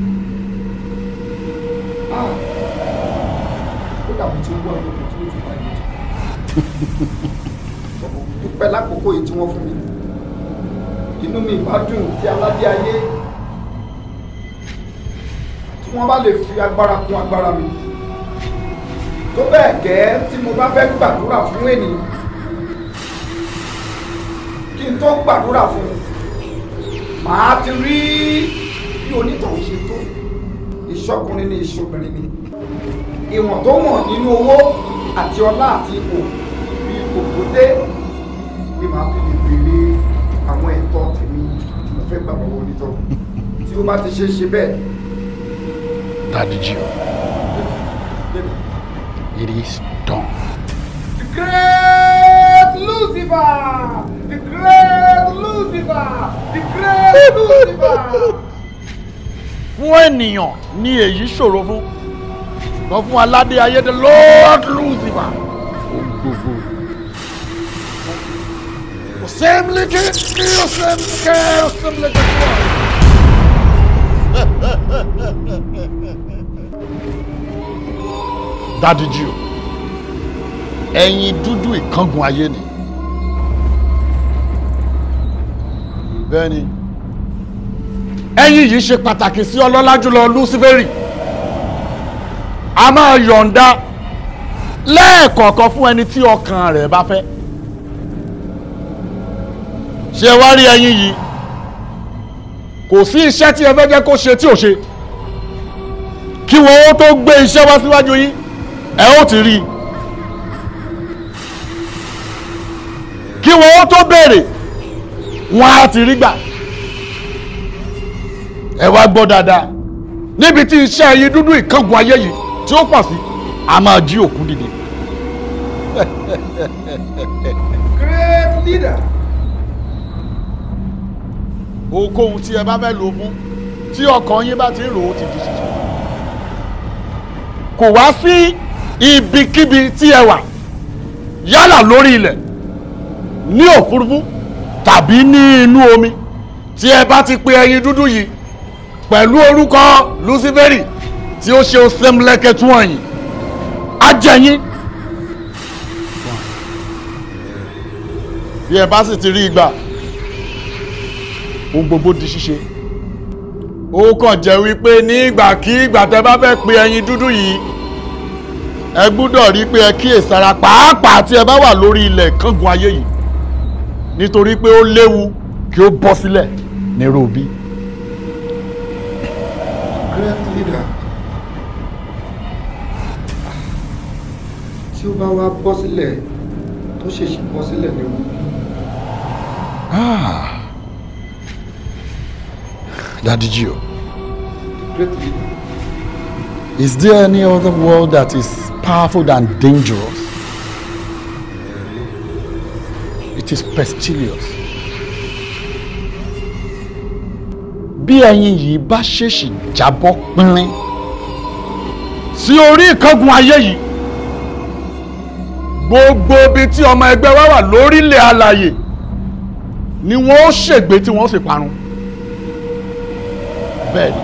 Ah dàbí tí ó wà ní ọkọ̀ tí ó ti bá yẹn tó. dúpẹ́ lákòókò yìí tí wọ́n fún mi inú mi bá dùn tí aládé ayé tí wọ́n bá lè fi agbára kún agbára mi tó bẹ́ẹ̀ gẹ́ tí mo bá fẹ́ gbàdúrà fún ènìyàn kí n tó gbàdúrà fún un màá ti rí bí onítọ̀hún ṣe tó ìṣọkùnrin ni ìṣobìnrin mi ìwọ̀n tó wọ̀n nínú owó àti ọlá àti ipò bí ipò dé ni màá fi lè béèrè àwọn ẹ̀tọ́ tèmi tí mo fẹ́ gbà bọ̀ wọlé tọ́ tí ó bá ti ṣe é ṣe bẹ́ẹ̀. Daddy Gio, it is done. The great Lucifer! The great Lucifer! The great Lucifer! Fún ènìyàn ni èyí ṣòro fún sọ fún aládé ayé the lord lucifer ó gbogbo kò sẹ́mìlìkì kí ó sẹ́mìlìkì ó sẹ́mìlìkì tó wà. dádìjì o ẹ̀yin dúdú ìkángun ayé ni bẹ́ẹ̀ ni ẹ̀yin yìí ṣe pàtàkì sí ọlọ́lá jùlọ luciferi a máa yọ̀ǹda lẹ́ẹ̀kọ̀ọ̀kan fún ẹni tí ọkàn rẹ̀ bá fẹ́ ṣé wá rí ẹyin yìí kò sí iṣẹ́ tí ẹ fẹ́ jẹ́ kó ṣe tí ò ṣe kí wọn ó tó gbé iṣẹ́ wá síwájú yín ẹ ó ti rí i kí wọn ó tó béèrè wọn á ti rí gbà ẹ wá gbọ́ dáadáa níbi tí iṣẹ́ yìí dúdú ìkángun ayé yìí tí ó pọ̀ sí a máa jí òkú dìde. great leader. ohunkóhun tí ẹ bá fẹ́ lò fún tí ọkàn yín bá ti ń rò ó ti di ṣiṣẹ́ kò wá sí ibikíbi tí ẹ wà yálà lórí ilẹ̀ ní òfurufú tàbí ní inú omi tí ẹ bá ti pe ẹyin dúdú yìí pẹ̀lú orúkọ Luciferi tí ó ṣe osemlẹ́kẹ̀tún ọ̀yìn ajẹ́yìn. bí ẹ bá sì ti rí ìgbà ohun gbogbo di ṣíṣe ó kàn jẹ́ wípé ní ìgbàkígbà tẹ́ bá fẹ́ pe ẹyin dúdú yìí ẹ gbúdọ̀ rí pé ẹ kíyèsára pàápàá tí ẹ bá wà lórí ilẹ̀ kángun ayé yìí nítorí pé ó léwu kí ó bọ́ sílẹ̀ ní ròbí. great leader. tí ó bá wá bọ́ sílẹ̀ tó ṣèṣì bọ́ sílẹ̀ léwu. Ah. Daddy Gio. The Is there any other world that is powerful than dangerous? It is pestilious. Bí ẹyin yìí bá ṣèṣì jábọ́ pínrín sí orí ìkángun ayé yìí gbogbo ibi tí ọmọ ẹgbẹ́ wa wà lórílẹ̀ alàyè ni wọ́n ó ṣègbè tí wọ́n ó sì parun bẹ́ẹ̀ ni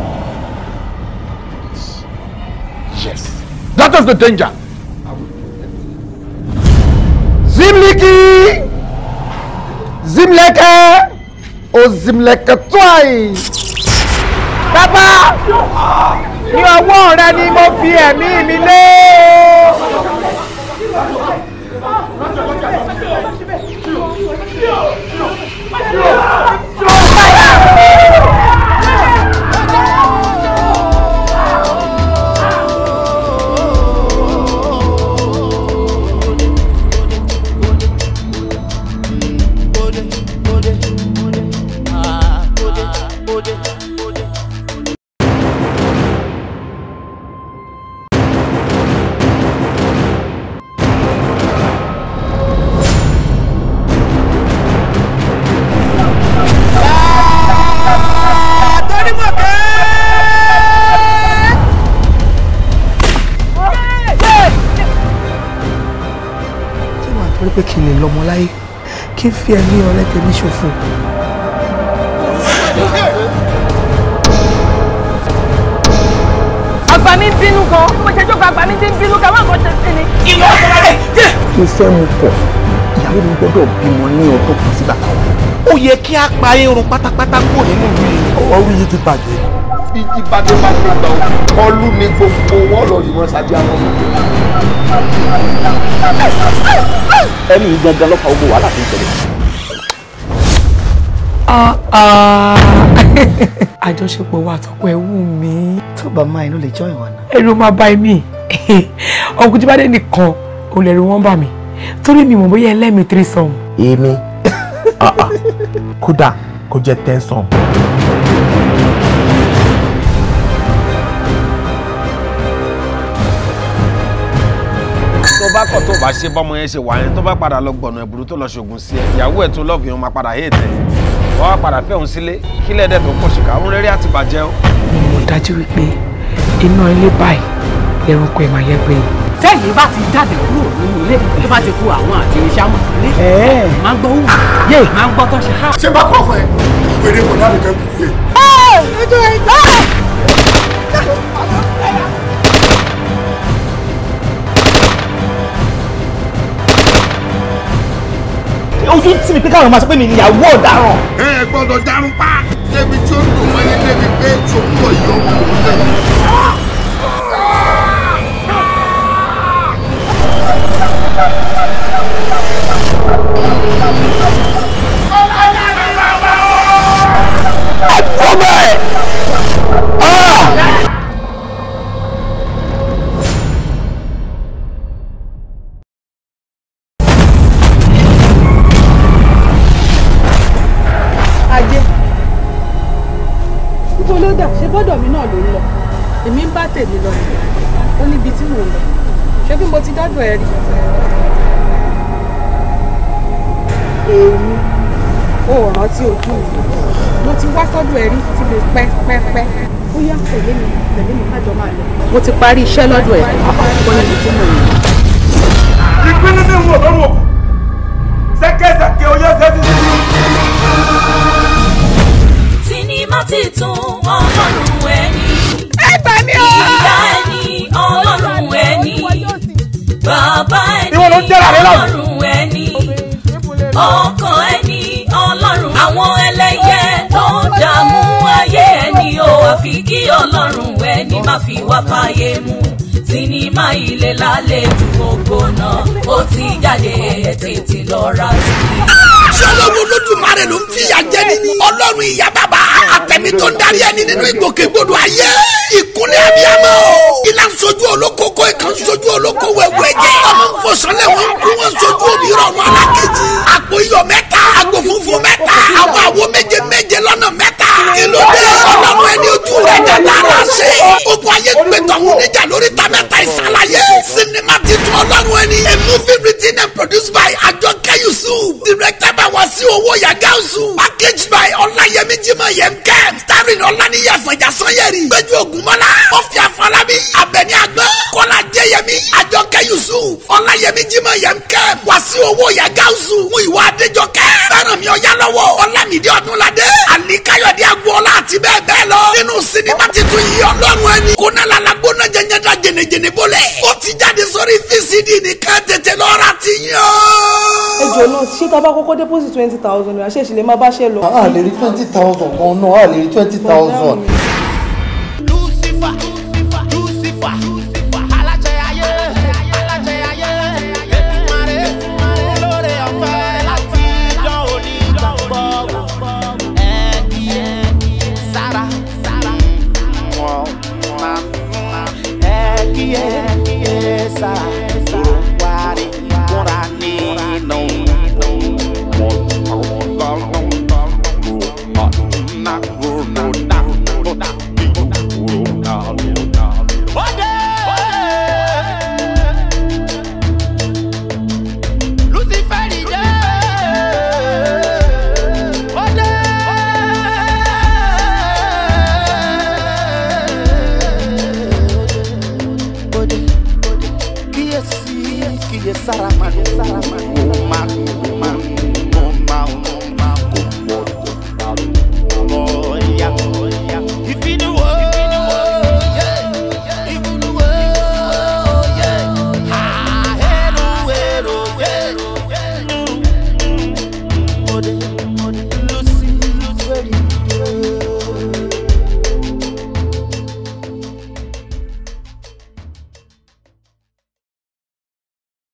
yes that is the danger zimliki zimlẹkẹ o zimlẹkẹ tóyì bàbá ni ọwọ́ rẹ ni mo fi ẹ̀mí mi lé. pé kí n lè lọ́mọ láyé kí n fi ẹ̀mí ọ̀rẹ́ tèmi ṣòfò. àgbà mi bínú gan mo ṣe jókòó àgbà mi ti ń bínú gan wọn kò ṣe sí ni. ìwọ ọ̀rẹ́ rẹ̀ jẹ́. kí n fẹ́ mu pọ̀ ìyàwó mi gbọ́dọ̀ bímọ ní ọdún kan sí bàtà wa. ó yẹ kí a pa irun pátápátá kúrò nínú ìlú. ọ̀rọ̀ yìí ti bàjẹ́ bí jí bàdé bá tó gbà ó kọlù ní gbogbo wọn lọ yìí wọn sábẹ́ àwọn ọmọ. ẹnu yìí gangan lọ́pàá ogun wàhálà tó ń tẹ̀lé. Ah, ah. àjọṣepọ̀ wa àtọ́kọ ẹ̀ wù mí. tó bá máa inú lè jọ ìwọ̀n náà. ẹ̀rù máa bá mi ọkùnrin tí bá dé nìkan ò lè rí wọn bà mí torí mi mọ̀ bóyá ẹlẹ́mìí tírí èmi ah, kódà kó jẹ́ tẹ́sán. wàá ṣe bọ́mọ yẹn ṣe wà yẹn tó bá padà lọ gbọ̀nà ẹ̀bùrú tó lọ ṣògùn sí ẹ ìyàwó ẹ̀ tó lọ́ọ̀bù yẹn máa padà hẹ́ẹ̀ tẹ̀ wọ́n á padà fẹ́ òun sílé kílẹ̀ dẹ̀ tó pọ̀ ṣìkà òun rẹ́rẹ́ àti bàjẹ́ o. mo dájú wípé iná ilé báyìí ẹranko ẹ̀ máa yẹ gbé e. bá ti jáde kúrò nínú ilé tó bá ti ku àwọn àti iṣẹ́ àmọ̀ ilé máa gbọ́ ojú tì mí pé káwọn máa sọ pé mi níyàwó ọ̀daràn. ẹ ẹ gbọ́dọ̀ darun pa débi tí ó ń dùn wáyé débi pé tòkú ọyọ ọmọ òun lẹ. Come on! Ah! mo ti parí iṣẹ́ lọ́dọ̀ ẹ̀ kó níbi tí mo yàn. ìpínlẹ̀ ní ìwọ̀n lọ́rùn òkú ṣẹ́kẹ́sẹ̀kẹ́ oyè ṣẹ́sí sí i. sinimá ti ọlọ́run ẹni. ẹ gbà mí o. ìyá ẹni ọlọ́run ẹni. bàbá ẹni ọlọ́run ẹni. ọ̀ fi wá fàyè mu sinimá ilé lálejò ògbóná ó ti jáde ẹ̀ tètè lọ́ra sí i sọlọ́wọ́ olódùmarè ló ń fìyà jẹ nínú. ọlọ́run ìyá bàbá àtẹ̀mí tó ń darí ẹni nínú ìgbòkègbodò ayé. ìkúnlẹ̀ abiyamọ. ilà ń sojú olókoko ìkan sojú olóko wẹ̀wẹ̀ jẹ. ọmọ ń fọsọlẹ̀ wọn kú wọn sojú omi rọrùn alákejì. àpò iyọ̀ mẹ́ta àgò funfun mẹ́ta àwọn àwo méje méje lọ́nà mẹ́ta. kí ló dé ọlọ́run ẹni ojú rẹ̀ dàda aláṣẹ. ó k àlàyé pé tọ́wọ́ níjà lórí tamẹ́ta ìsàlàyé sinimá titun ọlọ́run ẹni a movie written and produced by àjọkẹ́ Yusuf directed by Wasiu Owoya Gawusu packaged by Ọláyẹmí Jimoh Yemkem starring Ọláníyì Àfọ̀njá Sanyẹ̀rì Péjú Ògúnmọ́lá Mọ́fì Àfọlábí Abẹ́ni Àgbọ̀n Kọ́lá Adéyẹmí Àjọkẹ́ Yusuf Ọláyẹmí Jimoh Yemkem Wasiu Owoya Gawusu Múyìwá Adéjọkẹ́ Fẹ́rànmi Ọ̀yálọ́wọ́ Ọlámídé Ọdúnládé Àlíkáyọ̀dé Agboola àti bẹ́ẹ̀ bẹ́ẹ̀ lọ nínú sinimá titun yìí Ọlọ́run ẹni kónálàlà gbóná jẹjẹrẹ jẹnẹjẹnẹ bọ́lẹ̀ ó ti jáde sórí fcd nìkan tètè lọ́ra ti yàn lò ṣé tá bá kọ́kọ́ deposit twenty thousand naira ṣé ìṣẹ̀lẹ̀ máa bá ṣe lọ. a lè rí twenty thousand gan náà a lè rí twenty thousand.